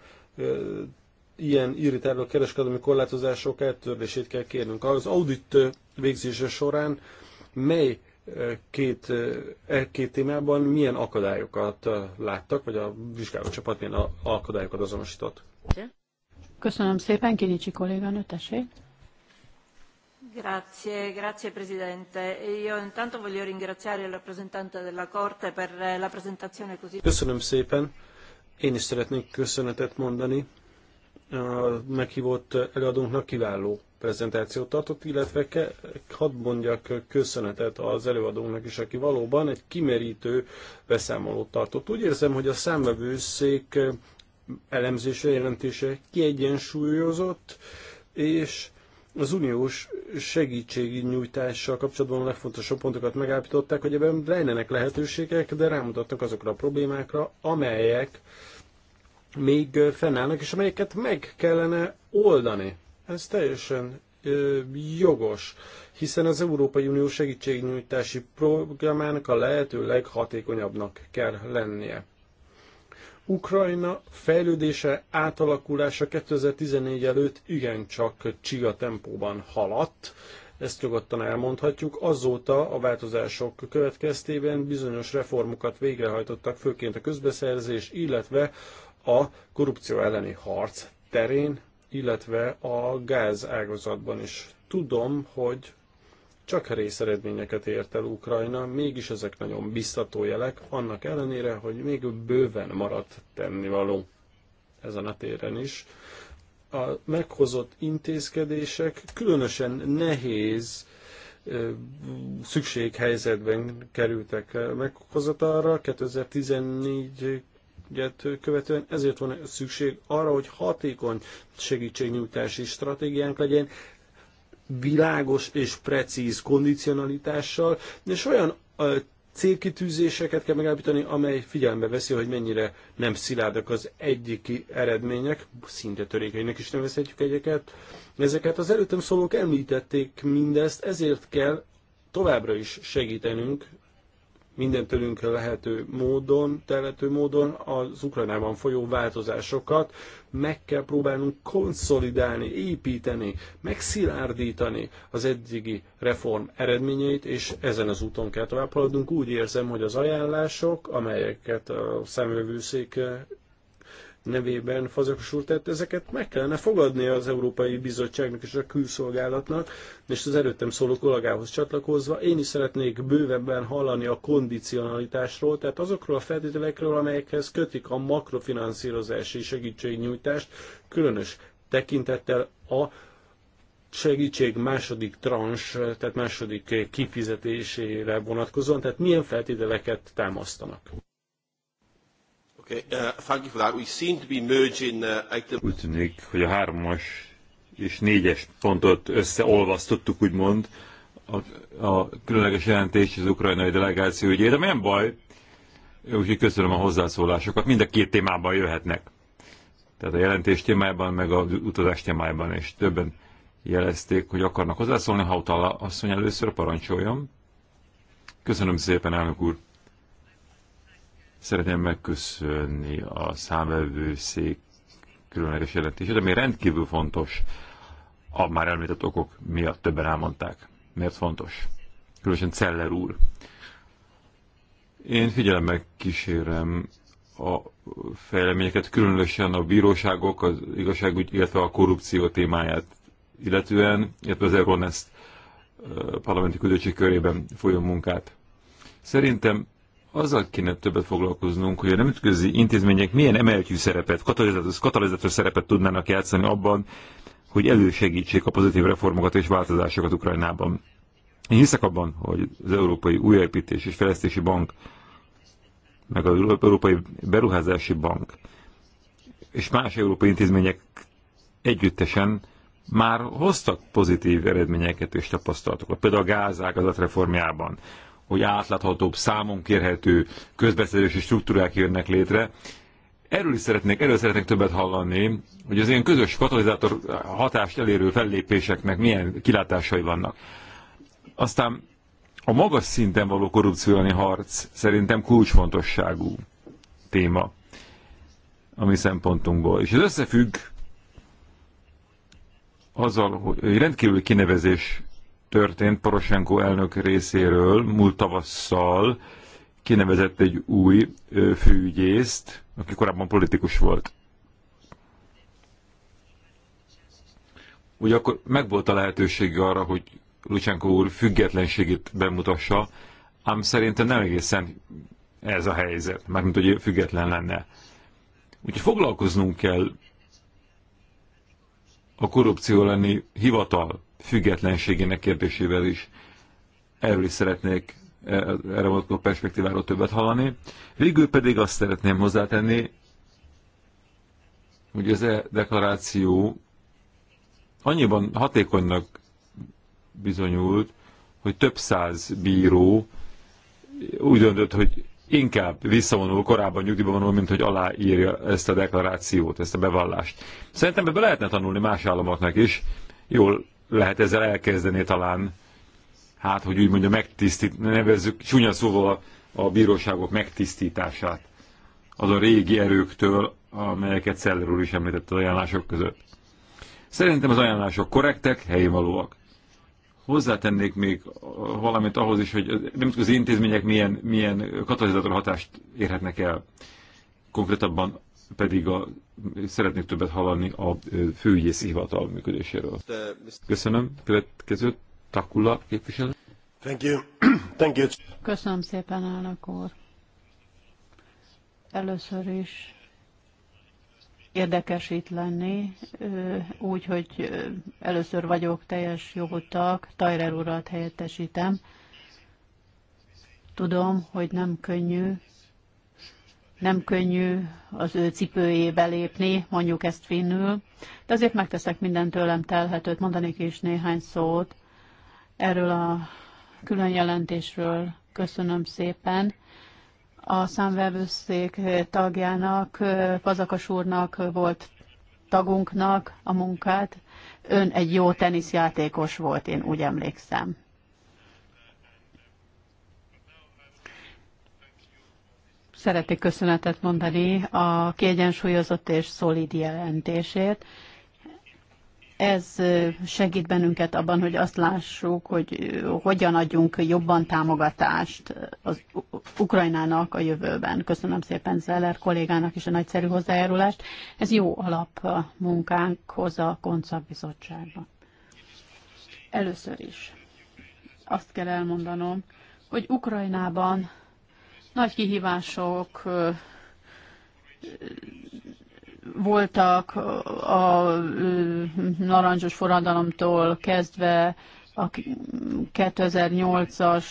ilyen irritáló kereskedelmi korlátozások eltörlését kell kérnünk. Az audit végzése során mely eh, két, eh, e két témában milyen akadályokat eh, láttak, vagy a vizsgáló csapat milyen akadályokat azonosított? Köszönöm szépen, Kinicsi kolléganő, tessék. Grazie, grazie Presidente. Io intanto voglio ringraziare il rappresentante della Corte per la presentazione così. Köszönöm szépen. Én is szeretnék köszönetet mondani a meghívott előadónknak kiváló prezentációt tartott, illetve ke, hadd mondjak köszönetet az előadónak is, aki valóban egy kimerítő beszámolót tartott. Úgy érzem, hogy a számvevőszék elemzése, jelentése kiegyensúlyozott, és az uniós nyújtással kapcsolatban a legfontosabb pontokat megállapították, hogy ebben lejnenek lehetőségek, de rámutatnak azokra a problémákra, amelyek még fennállnak, és amelyeket meg kellene oldani. Ez teljesen jogos, hiszen az Európai Unió segítségnyújtási programának a lehető leghatékonyabbnak kell lennie. Ukrajna fejlődése, átalakulása 2014 előtt igencsak csiga tempóban haladt, ezt nyugodtan elmondhatjuk. Azóta a változások következtében bizonyos reformokat végrehajtottak, főként a közbeszerzés, illetve a korrupció elleni harc terén, illetve a gáz ágazatban is. Tudom, hogy csak részeredményeket ért el Ukrajna, mégis ezek nagyon biztató jelek, annak ellenére, hogy még bőven maradt tennivaló ezen a téren is. A meghozott intézkedések különösen nehéz szükséghelyzetben kerültek meghozatalra. 2014 ügyet követően, ezért van szükség arra, hogy hatékony segítségnyújtási stratégiánk legyen, világos és precíz kondicionalitással, és olyan célkitűzéseket kell megállapítani, amely figyelembe veszi, hogy mennyire nem szilárdak az egyik eredmények, szinte törékeinek is nevezhetjük egyeket. Ezeket az előttem szólók említették mindezt, ezért kell továbbra is segítenünk mindentőlünk lehető módon, telhető módon az Ukrajnában folyó változásokat meg kell próbálnunk konszolidálni, építeni, megszilárdítani az eddigi reform eredményeit, és ezen az úton kell tovább haladnunk. Úgy érzem, hogy az ajánlások, amelyeket a szemövőszék nevében Fazekas úr, tehát ezeket meg kellene fogadni az Európai Bizottságnak és a külszolgálatnak, és az előttem szóló kollégához csatlakozva, én is szeretnék bővebben hallani a kondicionalitásról, tehát azokról a feltételekről, amelyekhez kötik a makrofinanszírozási segítségnyújtást, különös tekintettel a segítség második trans, tehát második kifizetésére vonatkozóan, tehát milyen feltételeket támasztanak. Úgy tűnik, hogy a hármas és négyes pontot összeolvasztottuk, úgymond, a, a különleges jelentés az ukrajnai delegáció ügyé, de nem baj, úgyhogy köszönöm a hozzászólásokat, mind a két témában jöhetnek. Tehát a jelentés témájában, meg a utazás témájában, és többen jelezték, hogy akarnak hozzászólni, ha utala asszony először parancsoljon. Köszönöm szépen, elnök úr! Szeretném megköszönni a számvevőszék különleges jelentését, ami rendkívül fontos a már említett okok miatt többen elmondták. Miért fontos? Különösen Celler úr. Én figyelemmel kísérem a fejleményeket, különösen a bíróságok, az igazságügy, illetve a korrupció témáját illetően, illetve az Euronest eh, parlamenti küldöttség körében folyó munkát. Szerintem azzal kéne többet foglalkoznunk, hogy a nemzetközi intézmények milyen emeltű szerepet, katalizátor, katalizátor szerepet tudnának játszani abban, hogy elősegítsék a pozitív reformokat és változásokat Ukrajnában. Én hiszek abban, hogy az Európai Újjáépítés és Fejlesztési Bank, meg az Európai Beruházási Bank és más európai intézmények együttesen már hoztak pozitív eredményeket és tapasztalatokat, például a gázágazat reformjában, hogy átláthatóbb, számon kérhető közbeszerzési struktúrák jönnek létre. Erről is szeretnék, erről szeretnék többet hallani, hogy az ilyen közös katalizátor hatást elérő fellépéseknek milyen kilátásai vannak. Aztán a magas szinten való korrupcióni harc szerintem kulcsfontosságú téma a mi szempontunkból. És ez összefügg azzal, hogy rendkívüli kinevezés történt Poroshenko elnök részéről múlt tavasszal, kinevezett egy új főügyészt, aki korábban politikus volt. Ugye akkor megvolt a lehetőség arra, hogy Lucsenko úr függetlenségét bemutassa, ám szerintem nem egészen ez a helyzet, mármint hogy független lenne. Úgyhogy foglalkoznunk kell a korrupció lenni hivatal függetlenségének kérdésével is. Erről is szeretnék e, erre vonatkozó perspektíváról többet hallani. Végül pedig azt szeretném hozzátenni, hogy az e deklaráció annyiban hatékonynak bizonyult, hogy több száz bíró úgy döntött, hogy inkább visszavonul, korábban nyugdíjban vonul, mint hogy aláírja ezt a deklarációt, ezt a bevallást. Szerintem ebbe lehetne tanulni más államoknak is, jól lehet ezzel elkezdeni talán, hát hogy úgy mondja, megtisztít, nevezzük csúnya szóval a, a bíróságok megtisztítását az a régi erőktől, amelyeket Szeller úr is említett az ajánlások között. Szerintem az ajánlások korrektek, helyén valóak. Hozzátennék még valamit ahhoz is, hogy a nemzetközi intézmények milyen, milyen katalizátor hatást érhetnek el. Konkrétabban pedig a, szeretnék többet hallani a főügyész hivatal működéséről. Köszönöm. Következő Takula képviselő. Thank you. Thank you. Köszönöm szépen, elnök úr. Először is érdekes itt lenni, úgy, hogy először vagyok teljes jogú Tajrer urat helyettesítem. Tudom, hogy nem könnyű nem könnyű az ő cipőjébe lépni, mondjuk ezt finnül, de azért megteszek minden tőlem telhetőt, mondanék is néhány szót erről a külön jelentésről. Köszönöm szépen. A számvevőszék tagjának, Pazakas úrnak volt tagunknak a munkát. Ön egy jó teniszjátékos volt, én úgy emlékszem. szeretnék köszönetet mondani a kiegyensúlyozott és szolid jelentésért. Ez segít bennünket abban, hogy azt lássuk, hogy hogyan adjunk jobban támogatást az Ukrajnának a jövőben. Köszönöm szépen Zeller kollégának is a nagyszerű hozzájárulást. Ez jó alap a munkánkhoz a Koncak Bizottságban. Először is azt kell elmondanom, hogy Ukrajnában nagy kihívások voltak a narancsos forradalomtól kezdve a 2008-as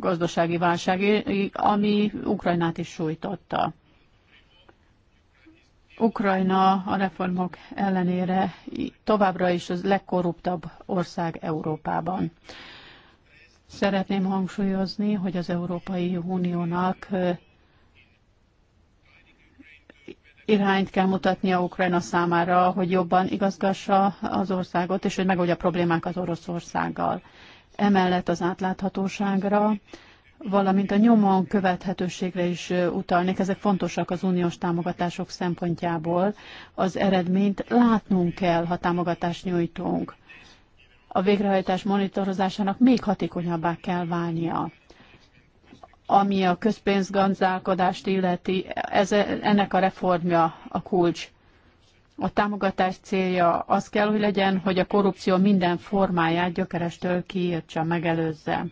gazdasági válságig, ami Ukrajnát is sújtotta. Ukrajna a reformok ellenére továbbra is az legkorruptabb ország Európában. Szeretném hangsúlyozni, hogy az Európai Uniónak irányt kell mutatnia Ukrajna számára, hogy jobban igazgassa az országot, és hogy megoldja a problémákat Oroszországgal. Emellett az átláthatóságra, valamint a nyomon követhetőségre is utalnék. Ezek fontosak az uniós támogatások szempontjából. Az eredményt látnunk kell, ha támogatást nyújtunk a végrehajtás monitorozásának még hatékonyabbá kell válnia. Ami a közpénzgazdálkodást illeti, ez, ennek a reformja a kulcs. A támogatás célja az kell, hogy legyen, hogy a korrupció minden formáját gyökerestől kiírtsa, megelőzze.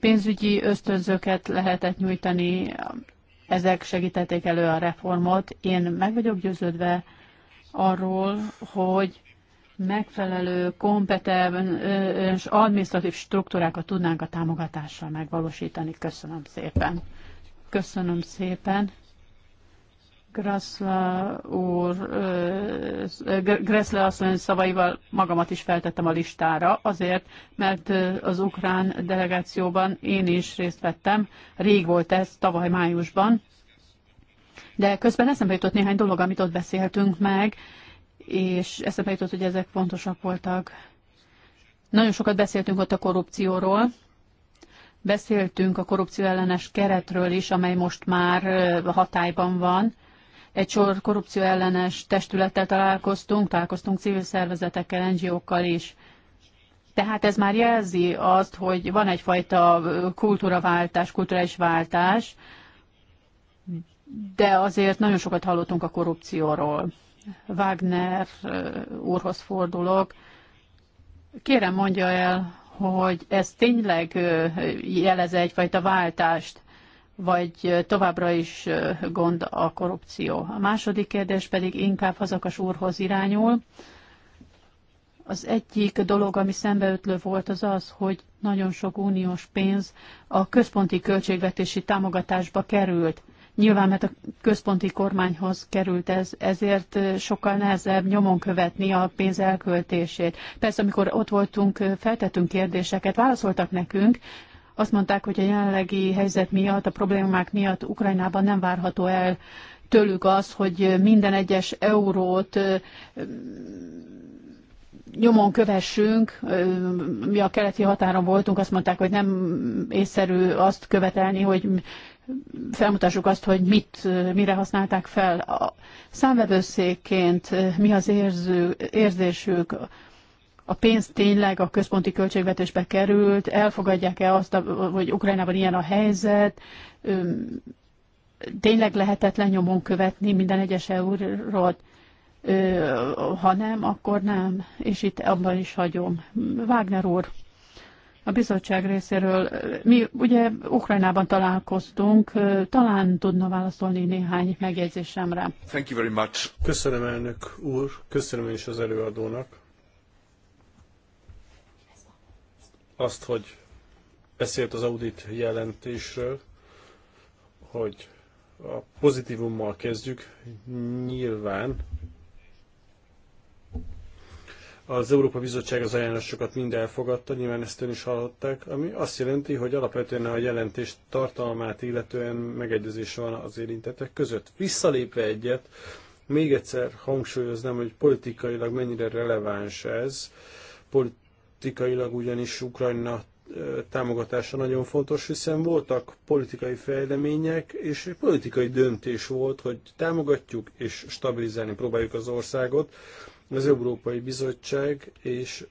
Pénzügyi ösztönzőket lehetett nyújtani, ezek segítették elő a reformot. Én meg vagyok győződve arról, hogy megfelelő, kompetens administratív struktúrákat tudnánk a támogatással megvalósítani. Köszönöm szépen. Köszönöm szépen. Graszla úr, Graszla asszony szavaival magamat is feltettem a listára, azért, mert az ukrán delegációban én is részt vettem. Rég volt ez, tavaly májusban. De közben eszembe jutott néhány dolog, amit ott beszéltünk meg, és eszembe jutott, hogy ezek fontosak voltak. Nagyon sokat beszéltünk ott a korrupcióról, beszéltünk a korrupció ellenes keretről is, amely most már hatályban van. Egy sor korrupció ellenes testülettel találkoztunk, találkoztunk civil szervezetekkel, NGO-kkal is. Tehát ez már jelzi azt, hogy van egyfajta kultúraváltás, kulturális váltás, de azért nagyon sokat hallottunk a korrupcióról. Wagner úrhoz fordulok. Kérem mondja el, hogy ez tényleg jelez egyfajta váltást, vagy továbbra is gond a korrupció. A második kérdés pedig inkább Hazakas úrhoz irányul. Az egyik dolog, ami szembeötlő volt, az az, hogy nagyon sok uniós pénz a központi költségvetési támogatásba került. Nyilván, mert a központi kormányhoz került ez, ezért sokkal nehezebb nyomon követni a pénz elköltését. Persze, amikor ott voltunk, feltettünk kérdéseket, válaszoltak nekünk, azt mondták, hogy a jelenlegi helyzet miatt, a problémák miatt Ukrajnában nem várható el tőlük az, hogy minden egyes eurót nyomon kövessünk, mi a keleti határon voltunk, azt mondták, hogy nem észszerű azt követelni, hogy felmutassuk azt, hogy mit, mire használták fel. A számvevőszékként mi az érző, érzésük, a pénz tényleg a központi költségvetésbe került, elfogadják-e azt, hogy Ukrajnában ilyen a helyzet, tényleg lehetetlen nyomon követni minden egyes eurót, ha nem, akkor nem, és itt abban is hagyom. Wagner úr a bizottság részéről. Mi ugye Ukrajnában találkoztunk, talán tudna válaszolni néhány megjegyzésemre. Thank you very much. Köszönöm elnök úr, köszönöm is az előadónak. Azt, hogy beszélt az audit jelentésről, hogy a pozitívummal kezdjük. Nyilván az Európa Bizottság az ajánlásokat mind elfogadta, nyilván ezt ön is hallották, ami azt jelenti, hogy alapvetően a jelentés tartalmát illetően megegyezés van az érintettek között. Visszalépve egyet, még egyszer hangsúlyoznám, hogy politikailag mennyire releváns ez. Politikailag ugyanis Ukrajna támogatása nagyon fontos, hiszen voltak politikai fejlemények, és politikai döntés volt, hogy támogatjuk és stabilizálni próbáljuk az országot. Az Európai Bizottság és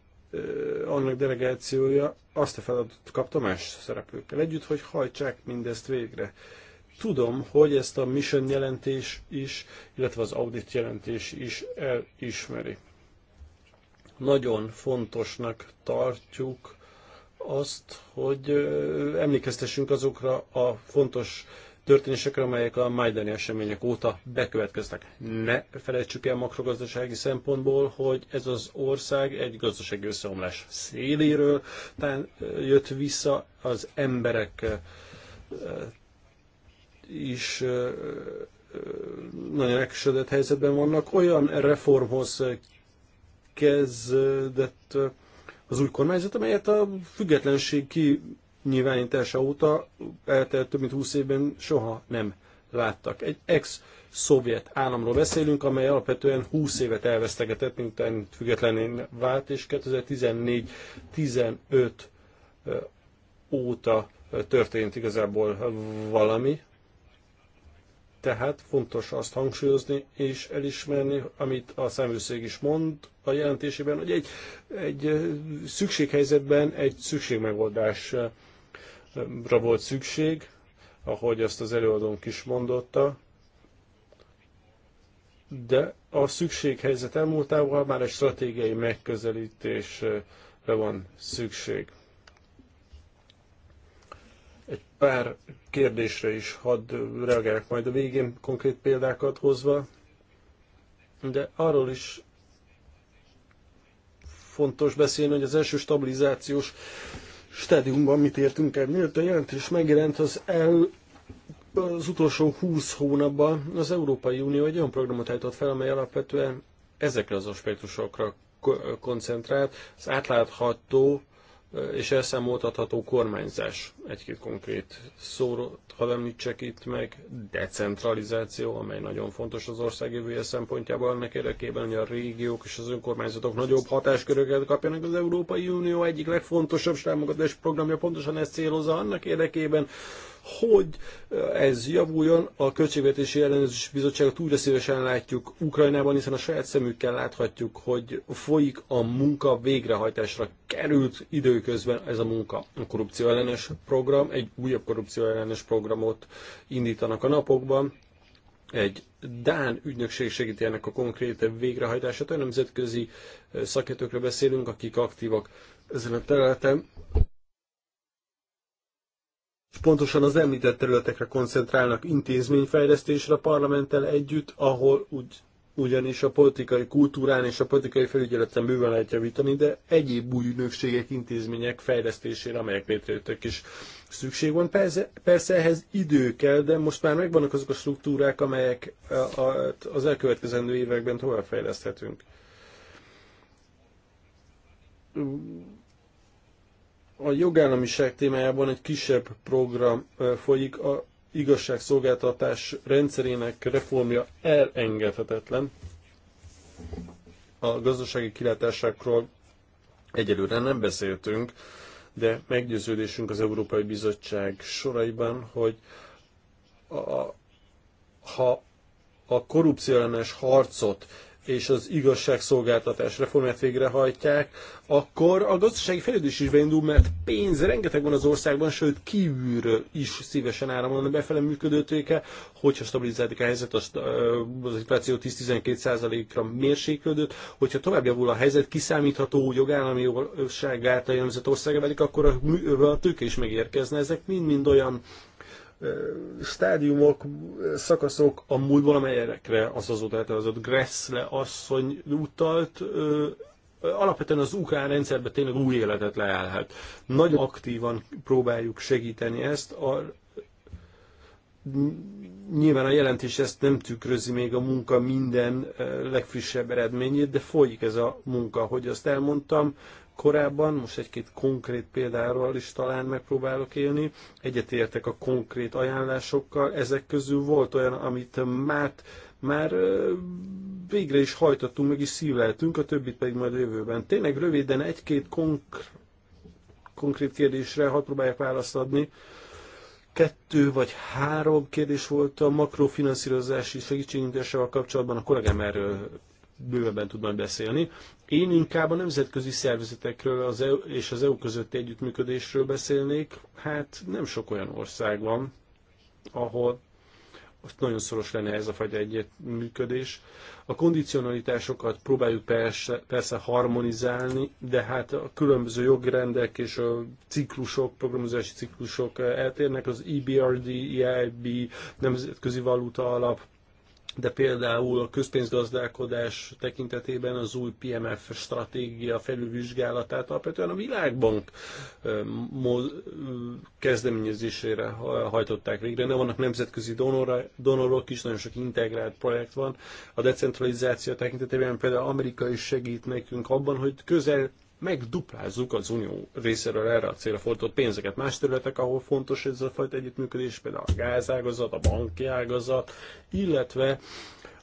annak delegációja azt a feladatot kapta más szereplőkkel együtt, hogy hajtsák mindezt végre. Tudom, hogy ezt a mission jelentés is, illetve az audit jelentés is elismeri. Nagyon fontosnak tartjuk azt, hogy emlékeztessünk azokra a fontos történésekre, amelyek a majdani események óta bekövetkeztek. Ne felejtsük el makrogazdasági szempontból, hogy ez az ország egy gazdasági összeomlás széléről tán jött vissza, az emberek is nagyon elkesedett helyzetben vannak. Olyan reformhoz kezdett az új kormányzat, amelyet a függetlenség ki nyilvánítása óta eltelt több mint 20 évben soha nem láttak. Egy ex-szovjet államról beszélünk, amely alapvetően 20 évet elvesztegetett, miután függetlenén vált, és 2014-15 óta történt igazából valami. Tehát fontos azt hangsúlyozni és elismerni, amit a szemőszék is mond a jelentésében, hogy egy, egy szükséghelyzetben egy szükségmegoldás volt szükség, ahogy ezt az előadónk is mondotta, de a szükséghelyzet elmúltával már egy stratégiai megközelítésre van szükség. Egy pár kérdésre is hadd reagálják majd a végén konkrét példákat hozva, de arról is fontos beszélni, hogy az első stabilizációs stádiumban mit értünk el. Miért a jelentés megjelent az el az utolsó 20 hónapban az Európai Unió egy olyan programot állított fel, amely alapvetően ezekre az aspektusokra koncentrált, az átlátható és elszámoltatható kormányzás. Egy-két konkrét szót, ha említsek itt meg, decentralizáció, amely nagyon fontos az ország jövője szempontjából, annak érdekében, hogy a régiók és az önkormányzatok nagyobb hatásköröket kapjanak. Az Európai Unió egyik legfontosabb támogatás programja pontosan ezt célozza annak érdekében, hogy ez javuljon. A Költségvetési Ellenőrzés Bizottságot újra szívesen látjuk Ukrajnában, hiszen a saját szemükkel láthatjuk, hogy folyik a munka végrehajtásra. Került időközben ez a munka. A korrupció ellenes program, egy újabb korrupció ellenes programot indítanak a napokban. Egy Dán ügynökség segíti ennek a konkrét végrehajtását. A nemzetközi szakértőkről beszélünk, akik aktívak ezen a területen pontosan az említett területekre koncentrálnak intézményfejlesztésre a parlamenttel együtt, ahol úgy, ugyanis a politikai kultúrán és a politikai felügyeleten bőven lehet javítani, de egyéb új ügynökségek, intézmények fejlesztésére, amelyek létrejöttek is szükség van. Persze, persze ehhez idő kell, de most már megvannak azok a struktúrák, amelyek az elkövetkezendő években fejleszthetünk. A jogállamiság témájában egy kisebb program folyik, a igazságszolgáltatás rendszerének reformja elengedhetetlen. A gazdasági kilátásokról egyelőre nem beszéltünk, de meggyőződésünk az Európai Bizottság soraiban, hogy a, ha a korrupcióellenes harcot és az igazságszolgáltatás reformját végrehajtják, akkor a gazdasági fejlődés is beindul, mert pénz rengeteg van az országban, sőt kívülről is szívesen áramolna befele működő tőke, hogyha stabilizálódik a helyzet, az, az infláció 10-12%-ra mérséklődött, hogyha tovább javul a helyzet, kiszámítható jogállami jogosság által jellemzett országa velik, akkor a, a tőke is megérkezne. Ezek mind-mind olyan stádiumok, szakaszok a múltból, amelyekre az azóta eltelezett Gressle asszony utalt, alapvetően az UK rendszerben tényleg új életet leállhat. Nagyon aktívan próbáljuk segíteni ezt, a, nyilván a jelentés ezt nem tükrözi még a munka minden legfrissebb eredményét, de folyik ez a munka, hogy azt elmondtam, korábban, most egy-két konkrét példáról is talán megpróbálok élni. Egyetértek a konkrét ajánlásokkal, ezek közül volt olyan, amit már, már végre is hajtottunk, meg is szíveltünk, a többit pedig majd a jövőben. Tényleg röviden egy-két konkrét konkrét kérdésre hadd próbáljak választ adni. Kettő vagy három kérdés volt a makrofinanszírozási segítségnyújtásával kapcsolatban, a kollégám erről bővebben tud majd beszélni. Én inkább a nemzetközi szervezetekről az EU és az EU közötti együttműködésről beszélnék. Hát nem sok olyan ország van, ahol nagyon szoros lenne ez a fajta együttműködés. A kondicionalitásokat próbáljuk persze, persze harmonizálni, de hát a különböző jogrendek és a ciklusok, programozási ciklusok eltérnek, az EBRD, EIB, Nemzetközi Valuta Alap, de például a közpénzgazdálkodás tekintetében az új PMF stratégia felülvizsgálatát alapvetően a Világbank kezdeményezésére hajtották végre. Nem vannak nemzetközi donorok is, nagyon sok integrált projekt van. A decentralizáció tekintetében például Amerika is segít nekünk abban, hogy közel megduplázzuk az unió részéről erre a célra fordított pénzeket. Más területek, ahol fontos ez a fajta együttműködés, például a gázágazat, a banki ágazat, illetve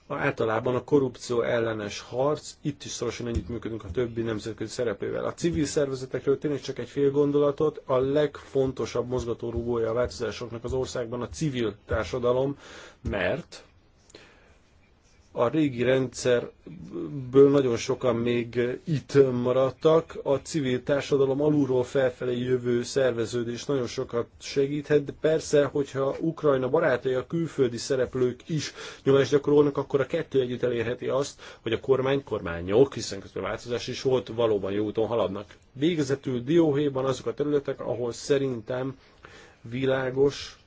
általában a korrupció ellenes harc, itt is szorosan együttműködünk a többi nemzetközi szereplővel. A civil szervezetekről tényleg csak egy fél gondolatot, a legfontosabb mozgatórugója a változásoknak az országban a civil társadalom, mert a régi rendszerből nagyon sokan még itt maradtak. A civil társadalom alulról felfelé jövő szerveződés nagyon sokat segíthet, de persze, hogyha Ukrajna barátai, a külföldi szereplők is nyomást gyakorolnak, akkor a kettő együtt elérheti azt, hogy a kormány, kormányok, hiszen közben változás is volt, valóban jó úton haladnak. Végezetül dióhéjban azok a területek, ahol szerintem világos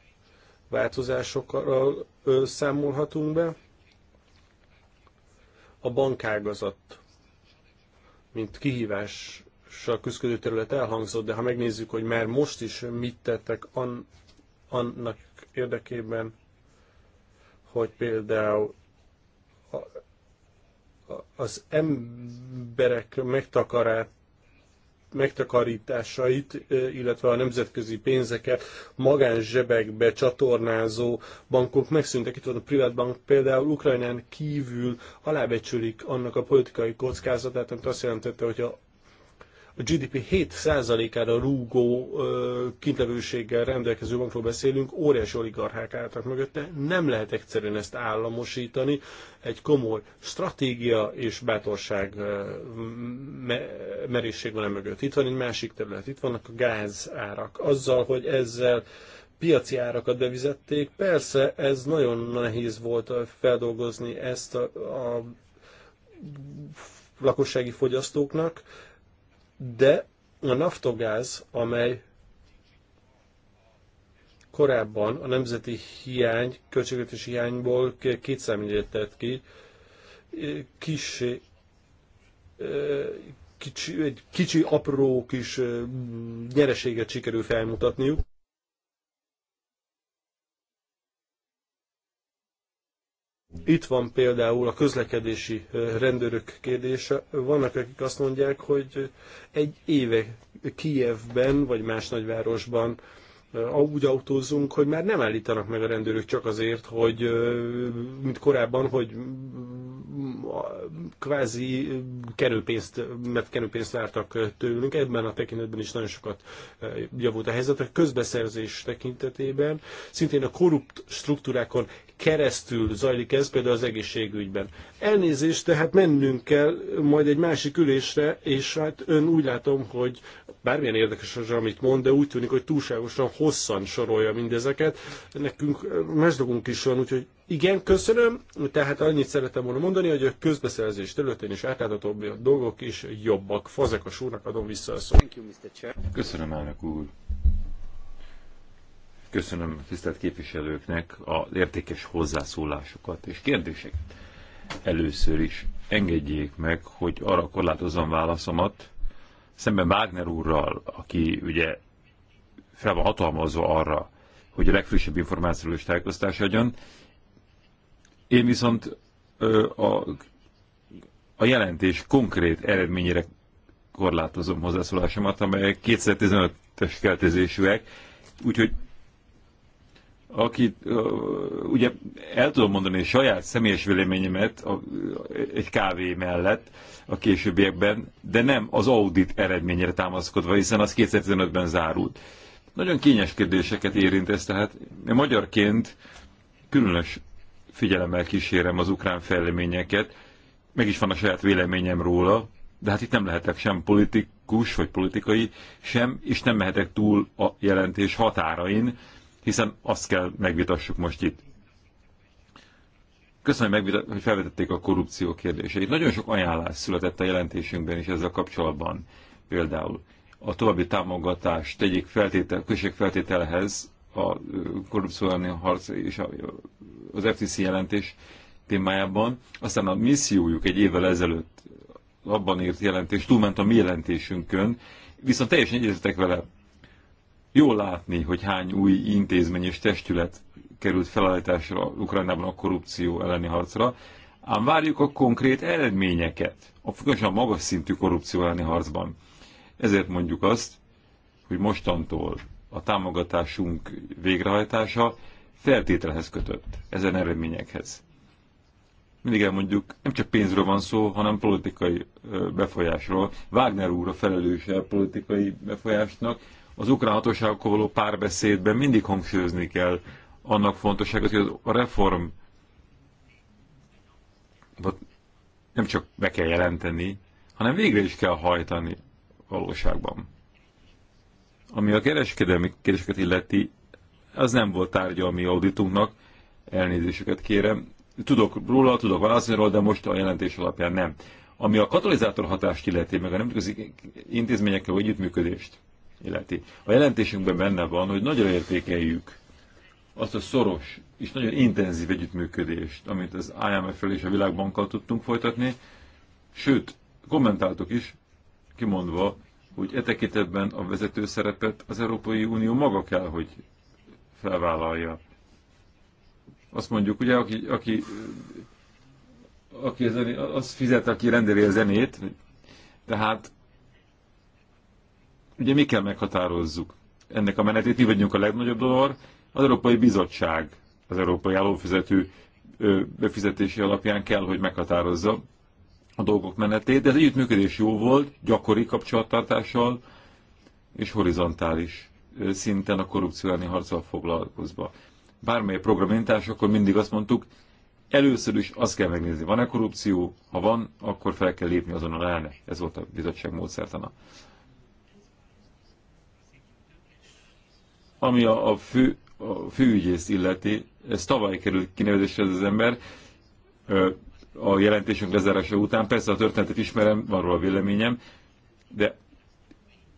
változásokkal számolhatunk be a bankágazat, mint kihívással küzdő terület elhangzott, de ha megnézzük, hogy már most is mit tettek an, annak érdekében, hogy például az emberek megtakarát megtakarításait, illetve a nemzetközi pénzeket zsebekbe csatornázó bankok megszűntek. Itt van a privát bank például Ukrajnán kívül alábecsülik annak a politikai kockázatát, amit azt jelentette, hogy a a GDP 7%-ára rúgó kintlevőséggel rendelkező bankról beszélünk, óriási oligarchák álltak mögötte, nem lehet egyszerűen ezt államosítani, egy komoly stratégia és bátorság merészség van e mögött. Itt van egy másik terület, itt vannak a gázárak. Azzal, hogy ezzel piaci árakat bevizették, persze ez nagyon nehéz volt feldolgozni ezt a, a lakossági fogyasztóknak, de a naftogáz, amely korábban a nemzeti hiány, költségvetési hiányból két tett ki, eh, kis, eh, kicsi, egy kicsi, apró kis eh, nyereséget sikerül felmutatniuk. Itt van például a közlekedési rendőrök kérdése. Vannak, akik azt mondják, hogy egy éve Kijevben vagy más nagyvárosban úgy autózunk, hogy már nem állítanak meg a rendőrök csak azért, hogy mint korábban, hogy mm, mm, kvázi mm, kerülpénzt, mert kerülpénzt vártak tőlünk, ebben a tekintetben is nagyon sokat javult a helyzet. A közbeszerzés tekintetében szintén a korrupt struktúrákon keresztül zajlik ez, például az egészségügyben. Elnézést, tehát mennünk kell majd egy másik ülésre, és hát ön úgy látom, hogy bármilyen érdekes az, amit mond, de úgy tűnik, hogy túlságosan hosszan sorolja mindezeket. Nekünk más dolgunk is van, úgyhogy igen, köszönöm. Tehát annyit szerettem volna mondani, hogy a közbeszerzés területén is átláthatóbb a dolgok is jobbak. Fazekas úrnak adom vissza a szót. Köszönöm, elnök úr. Köszönöm tisztelt képviselőknek az értékes hozzászólásokat és kérdéseket. Először is engedjék meg, hogy arra korlátozom válaszomat, szemben Wagner úrral, aki ugye fel van hatalmazva arra, hogy a legfrissebb információról is tájékoztást adjon. Én viszont a, a jelentés konkrét eredményére korlátozom hozzászólásomat, amelyek 2015-es keltezésűek, úgyhogy aki, ugye el tudom mondani a saját személyes véleményemet a, egy kávé mellett a későbbiekben, de nem az audit eredményére támaszkodva, hiszen az 2015-ben zárult. Nagyon kényes kérdéseket érint ez, tehát én magyarként különös figyelemmel kísérem az ukrán fejleményeket, meg is van a saját véleményem róla, de hát itt nem lehetek sem politikus, vagy politikai sem, és nem mehetek túl a jelentés határain, hiszen azt kell megvitassuk most itt. Köszönöm, hogy, hogy felvetették a korrupció kérdéseit. Nagyon sok ajánlás született a jelentésünkben is ezzel kapcsolatban. Például a további támogatást tegyék feltétel, kössék feltételhez a korrupció elleni harc és az FTC jelentés témájában. Aztán a missziójuk egy évvel ezelőtt abban írt jelentés, túlment a mi jelentésünkön, viszont teljesen egyetetek vele. Jól látni, hogy hány új intézmény és testület került felállításra Ukrajnában a korrupció elleni harcra, ám várjuk a konkrét eredményeket, a magas szintű korrupció elleni harcban. Ezért mondjuk azt, hogy mostantól a támogatásunk végrehajtása feltételhez kötött ezen eredményekhez. Mindig elmondjuk, nem csak pénzről van szó, hanem politikai befolyásról. Wagner úr a felelőse a politikai befolyásnak. Az ukrán hatóságokkal való párbeszédben mindig hangsúlyozni kell annak fontosságot, hogy a reform nem csak be kell jelenteni, hanem végre is kell hajtani valóságban. Ami a kereskedelmi kérdéseket illeti, az nem volt tárgya a mi auditunknak, elnézésüket kérem. Tudok róla, tudok válaszolni róla, de most a jelentés alapján nem. Ami a katalizátor hatást illeti, meg a nemzetközi intézményekkel vagy együttműködést illeti. A jelentésünkben benne van, hogy nagyra értékeljük azt a szoros és nagyon intenzív együttműködést, amit az IMF-ről és a Világbankkal tudtunk folytatni, sőt, kommentáltuk is kimondva, hogy e tekintetben a vezető szerepet az Európai Unió maga kell, hogy felvállalja. Azt mondjuk, ugye, aki, aki, aki zené, az fizet, aki rendeli a zenét, tehát ugye mi kell meghatározzuk ennek a menetét, mi vagyunk a legnagyobb dolar, az Európai Bizottság az Európai Állófizető befizetési alapján kell, hogy meghatározza a dolgok menetét, de az együttműködés jó volt, gyakori kapcsolattartással és horizontális szinten a korrupció elleni harccal foglalkozva. Bármely programintás, akkor mindig azt mondtuk, először is azt kell megnézni, van-e korrupció, ha van, akkor fel kell lépni azonnal ellene. Ez volt a bizottság módszertana. Ami a, a, fő, a főügyész illeti, ez tavaly került kinevezésre ez az ember, a jelentésünk lezárása után. Persze a történetet ismerem, van róla véleményem, de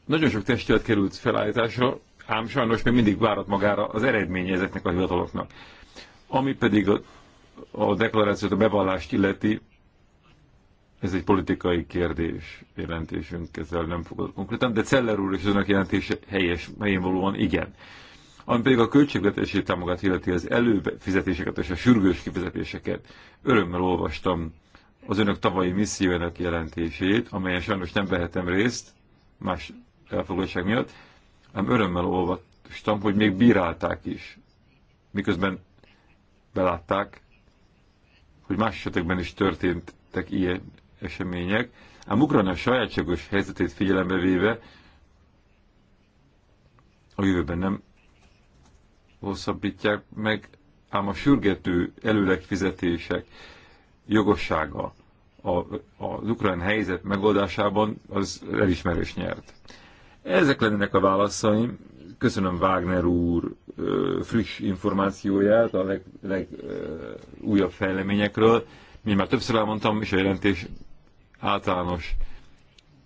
nagyon sok testület került felállításra, ám sajnos még mindig várat magára az eredménye ezeknek a hivataloknak. Ami pedig a, a deklarációt, a bevallást illeti, ez egy politikai kérdés jelentésünk, ezzel nem fogadok konkrétan, de Celler úr és az önök jelentése helyes, helyén valóan igen. Ami pedig a költségvetési támogat illeti az előfizetéseket és a sürgős kifizetéseket. Örömmel olvastam az önök tavalyi missziójának jelentését, amelyen sajnos nem vehetem részt, más elfoglaltság miatt, ám örömmel olvastam, hogy még bírálták is, miközben belátták, hogy más esetekben is történtek ilyen események, ám Ukrajna sajátságos helyzetét figyelembe véve a jövőben nem hosszabbítják meg, ám a sürgető előleg fizetések jogossága a, az ukrán helyzet megoldásában az elismerés nyert. Ezek lennének a válaszaim. Köszönöm Wagner úr friss információját a legújabb leg, fejleményekről. Mint már többször elmondtam, és a jelentés általános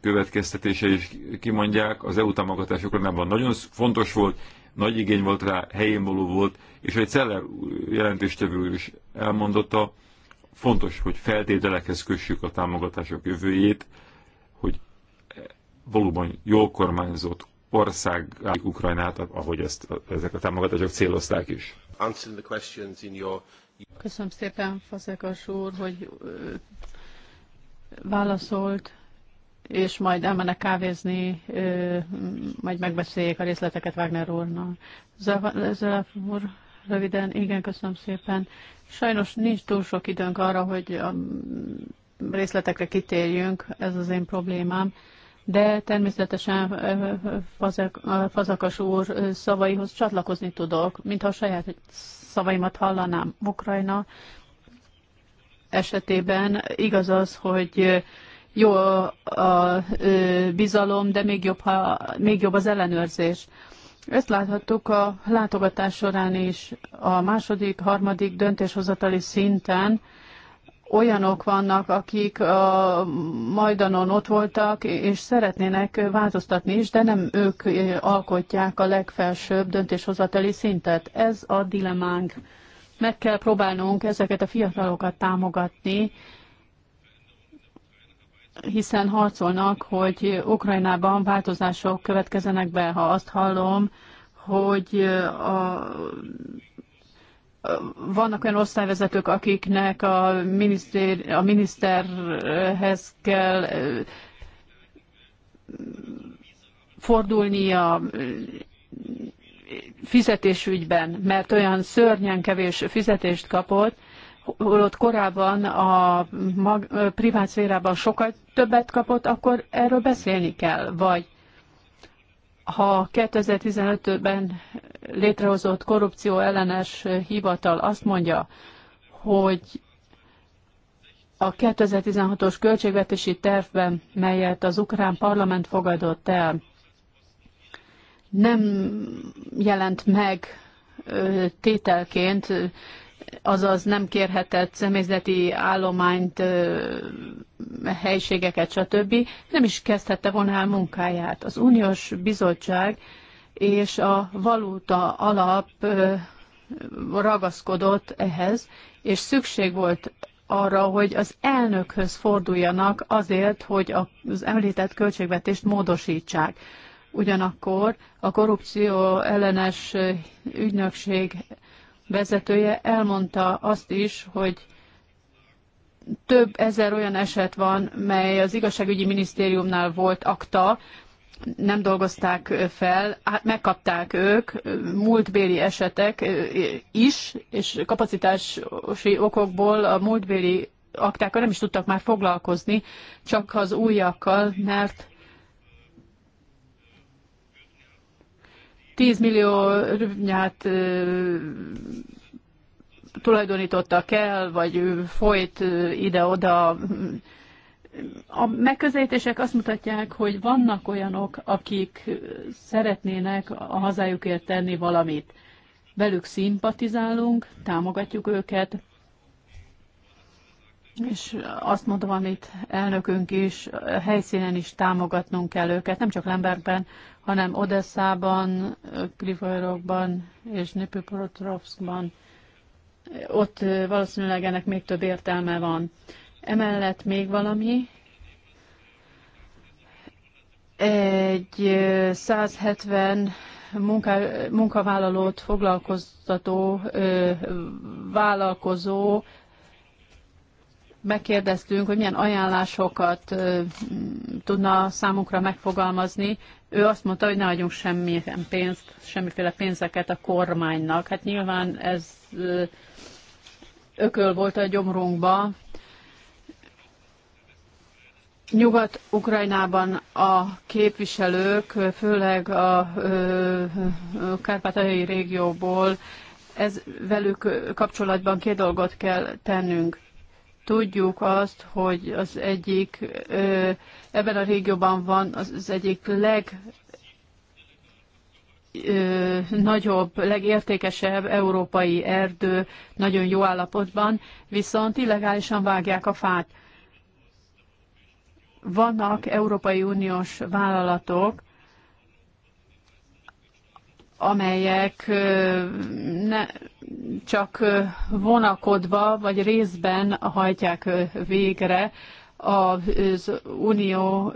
következtetése is kimondják, az EU nem van. nagyon fontos volt, nagy igény volt rá, helyén való volt, és egy Celler jelentéstevő is elmondotta, fontos, hogy feltételekhez kössük a támogatások jövőjét, hogy valóban jól kormányzott ország Ukrajnát, ahogy ezt, ezek a támogatások célozták is. Köszönöm szépen, Faszekas úr, hogy válaszolt és majd elmenek kávézni, majd megbeszéljék a részleteket Wagner úrnal. Ezzel úr, röviden, igen, köszönöm szépen. Sajnos nincs túl sok időnk arra, hogy a részletekre kitérjünk, ez az én problémám, de természetesen Fazek, Fazakas úr szavaihoz csatlakozni tudok, mintha a saját szavaimat hallanám. Ukrajna esetében igaz az, hogy jó a bizalom, de még jobb, ha, még jobb az ellenőrzés. Ezt láthattuk a látogatás során is, a második, harmadik döntéshozatali szinten olyanok vannak, akik a Majdanon ott voltak, és szeretnének változtatni is, de nem ők alkotják a legfelsőbb döntéshozatali szintet. Ez a dilemánk. Meg kell próbálnunk ezeket a fiatalokat támogatni, hiszen harcolnak, hogy Ukrajnában változások következenek be, ha azt hallom, hogy a, vannak olyan osztályvezetők, akiknek a, miniszter, a miniszterhez kell fordulnia fizetésügyben, mert olyan szörnyen kevés fizetést kapott, holott korábban a mag, privát szférában sokat többet kapott, akkor erről beszélni kell. Vagy ha 2015-ben létrehozott korrupció ellenes hivatal azt mondja, hogy a 2016-os költségvetési tervben, melyet az ukrán parlament fogadott el, nem jelent meg tételként azaz nem kérhetett személyzeti állományt, helységeket, stb. nem is kezdhette volna el munkáját. Az Uniós Bizottság és a valuta alap ragaszkodott ehhez, és szükség volt arra, hogy az elnökhöz forduljanak azért, hogy az említett költségvetést módosítsák. Ugyanakkor a korrupció ellenes ügynökség vezetője elmondta azt is, hogy több ezer olyan eset van, mely az igazságügyi minisztériumnál volt akta, nem dolgozták fel, hát megkapták ők múltbéli esetek is, és kapacitási okokból a múltbéli aktákkal nem is tudtak már foglalkozni, csak az újakkal, mert 10 millió rüvnyát tulajdonítottak el, vagy folyt ide-oda. A megközelítések azt mutatják, hogy vannak olyanok, akik szeretnének a hazájukért tenni valamit. Velük szimpatizálunk, támogatjuk őket, és azt mondom, amit elnökünk is, helyszínen is támogatnunk kell őket, nem csak Lembergben, hanem Odesszában, Krivorokban és Nipiporotrovskban. Ott valószínűleg ennek még több értelme van. Emellett még valami, egy 170 munka, munkavállalót foglalkoztató vállalkozó megkérdeztünk, hogy milyen ajánlásokat tudna számunkra megfogalmazni. Ő azt mondta, hogy ne adjunk semmilyen pénzt, semmiféle pénzeket a kormánynak. Hát nyilván ez ököl volt a gyomrunkba. Nyugat-Ukrajnában a képviselők, főleg a kárpátaljai régióból, ez velük kapcsolatban két dolgot kell tennünk Tudjuk azt, hogy az egyik, ebben a régióban van az egyik leg ö, nagyobb, legértékesebb európai erdő nagyon jó állapotban, viszont illegálisan vágják a fát. Vannak Európai Uniós vállalatok, amelyek ne, csak vonakodva vagy részben hajtják végre az unió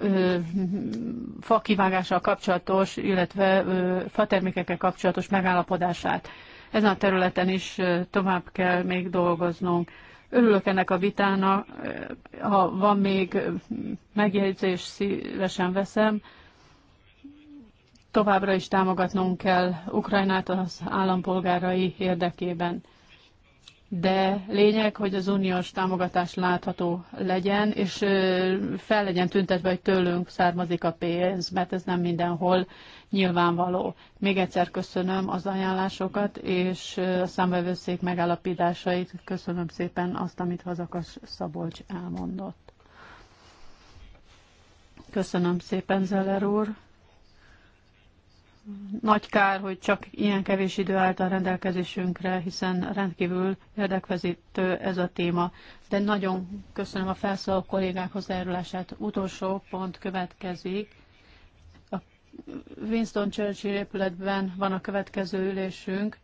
fakivágással kapcsolatos, illetve fatermékekkel kapcsolatos megállapodását. Ezen a területen is tovább kell még dolgoznunk. Örülök ennek a vitának, ha van még megjegyzés, szívesen veszem. Továbbra is támogatnunk kell Ukrajnát az állampolgárai érdekében. De lényeg, hogy az uniós támogatás látható legyen, és fel legyen tüntetve, hogy tőlünk származik a pénz, mert ez nem mindenhol nyilvánvaló. Még egyszer köszönöm az ajánlásokat, és a számvevőszék megállapításait. Köszönöm szépen azt, amit Hazakas Szabolcs elmondott. Köszönöm szépen, Zeller úr nagy kár, hogy csak ilyen kevés idő állt a rendelkezésünkre, hiszen rendkívül érdekvezítő ez a téma. De nagyon köszönöm a felszóló kollégák hozzájárulását. Utolsó pont következik. A Winston Churchill épületben van a következő ülésünk.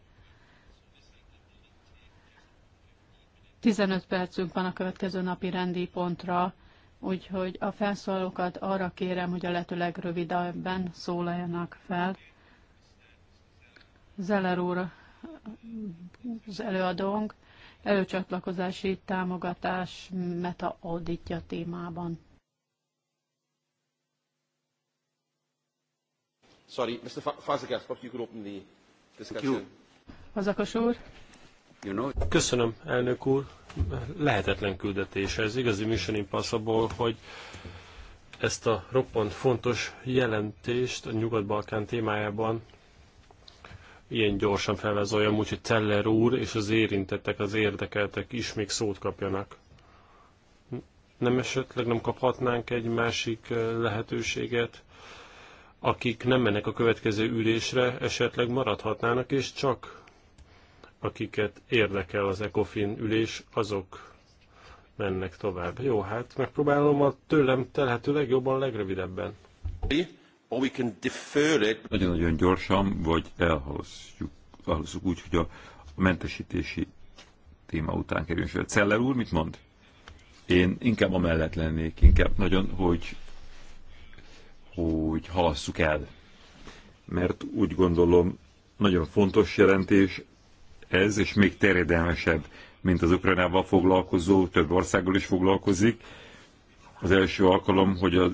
15 percünk van a következő napi rendi pontra, úgyhogy a felszólókat arra kérem, hogy a lehető legrövidebben szólaljanak fel. Zeller úr, az előadónk, előcsatlakozási támogatás meta auditja témában. Sorry, Mr. Fazekas, perhaps you could open the discussion. Fazekas úr. Köszönöm, elnök úr. Lehetetlen küldetés ez, igazi Mission Impossible, hogy ezt a roppant fontos jelentést a Nyugat-Balkán témájában ilyen gyorsan felvezoljam, úgyhogy Teller úr és az érintettek, az érdekeltek is még szót kapjanak. Nem esetleg nem kaphatnánk egy másik eh, lehetőséget, akik nem mennek a következő ülésre, esetleg maradhatnának, és csak akiket érdekel az ECOFIN ülés, azok mennek tovább. Jó, hát megpróbálom a tőlem telhető legjobban, legrövidebben. Nagyon-nagyon gyorsan, vagy elhalasztjuk, elhalasztjuk úgy, hogy a, mentesítési téma után kerüljön. a Celler úr mit mond? Én inkább amellett lennék, inkább nagyon, hogy, hogy halasszuk el. Mert úgy gondolom, nagyon fontos jelentés ez, és még terjedelmesebb, mint az Ukrajnával foglalkozó, több országgal is foglalkozik, az első alkalom, hogy a,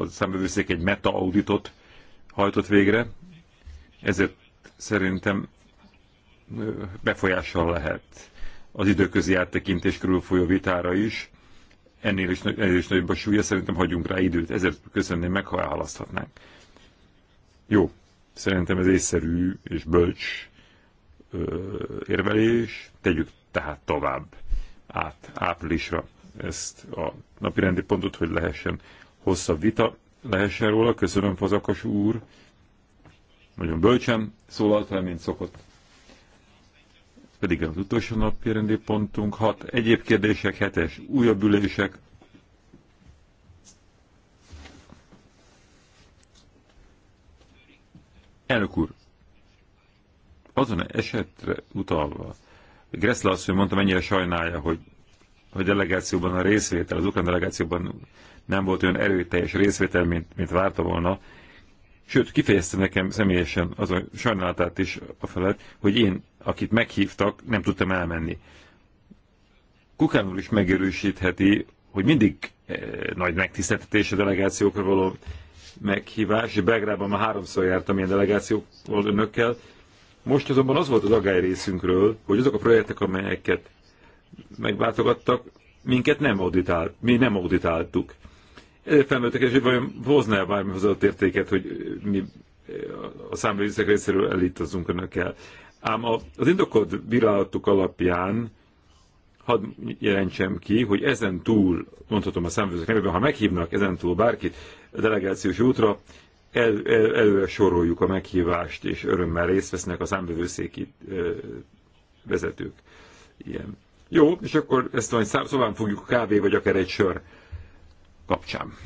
a számbevőszék egy meta-auditot hajtott végre, ezért szerintem befolyással lehet az időközi áttekintés körül folyó vitára is. Ennél is, ennél is nagyobb a súlya, szerintem hagyjunk rá időt, ezért köszönném meg, ha elhalaszthatnánk. Jó, szerintem ez észszerű és bölcs ö, érvelés, tegyük tehát tovább át áprilisra ezt a napirendi pontot, hogy lehessen hosszabb vita, lehessen róla. Köszönöm, Fazakas úr. Nagyon bölcsen szólalt el, mint szokott. Ez pedig az utolsó napirendi pontunk. Hat egyéb kérdések, hetes újabb ülések, Elnök úr, azon esetre utalva, Gressler azt, mondta, mennyire sajnálja, hogy a delegációban a részvétel, az ukrán delegációban nem volt olyan erőteljes részvétel, mint, mint várta volna. Sőt, kifejezte nekem személyesen az a sajnálatát is a felett, hogy én, akit meghívtak, nem tudtam elmenni. Kukánul is megerősítheti, hogy mindig eh, nagy megtiszteltetés a delegációkra való meghívás. Belgrában már háromszor jártam ilyen delegációkkal önökkel. Most azonban az volt az agály részünkről, hogy azok a projektek, amelyeket meglátogattak, minket nem auditált, mi nem auditáltuk. Ezért felmerültek, és hogy vajon hozná bármi hozzáadott értéket, hogy mi a számvevőszek részéről elítazunk önökkel. Ám az indokolt bírálatuk alapján hadd jelentsem ki, hogy ezen túl, mondhatom a számvevőszek nevében, ha meghívnak ezen túl bárkit a delegációs útra, el, el, előre soroljuk a meghívást, és örömmel részt vesznek a számvevőszéki vezetők ilyen jó, és akkor ezt majd szóval fogjuk a kávé, vagy akár egy sör kapcsán.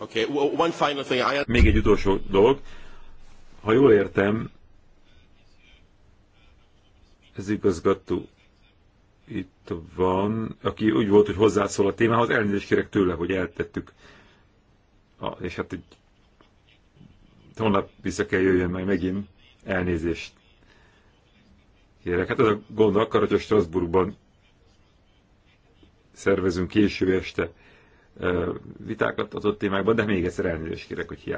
Okay. One final thing. I... Még egy utolsó dolog. Ha jól értem, ez igazgató itt van, aki úgy volt, hogy hozzászól a témához, elnézést kérek tőle, hogy eltettük. A, és hát egy holnap vissza kell jöjjön meg megint, elnézést kérek. Hát ez a gond akar, hogy a Strasbourgban szervezünk késő este vitákat adott témákban, de még egyszer elnézést kérek, hogy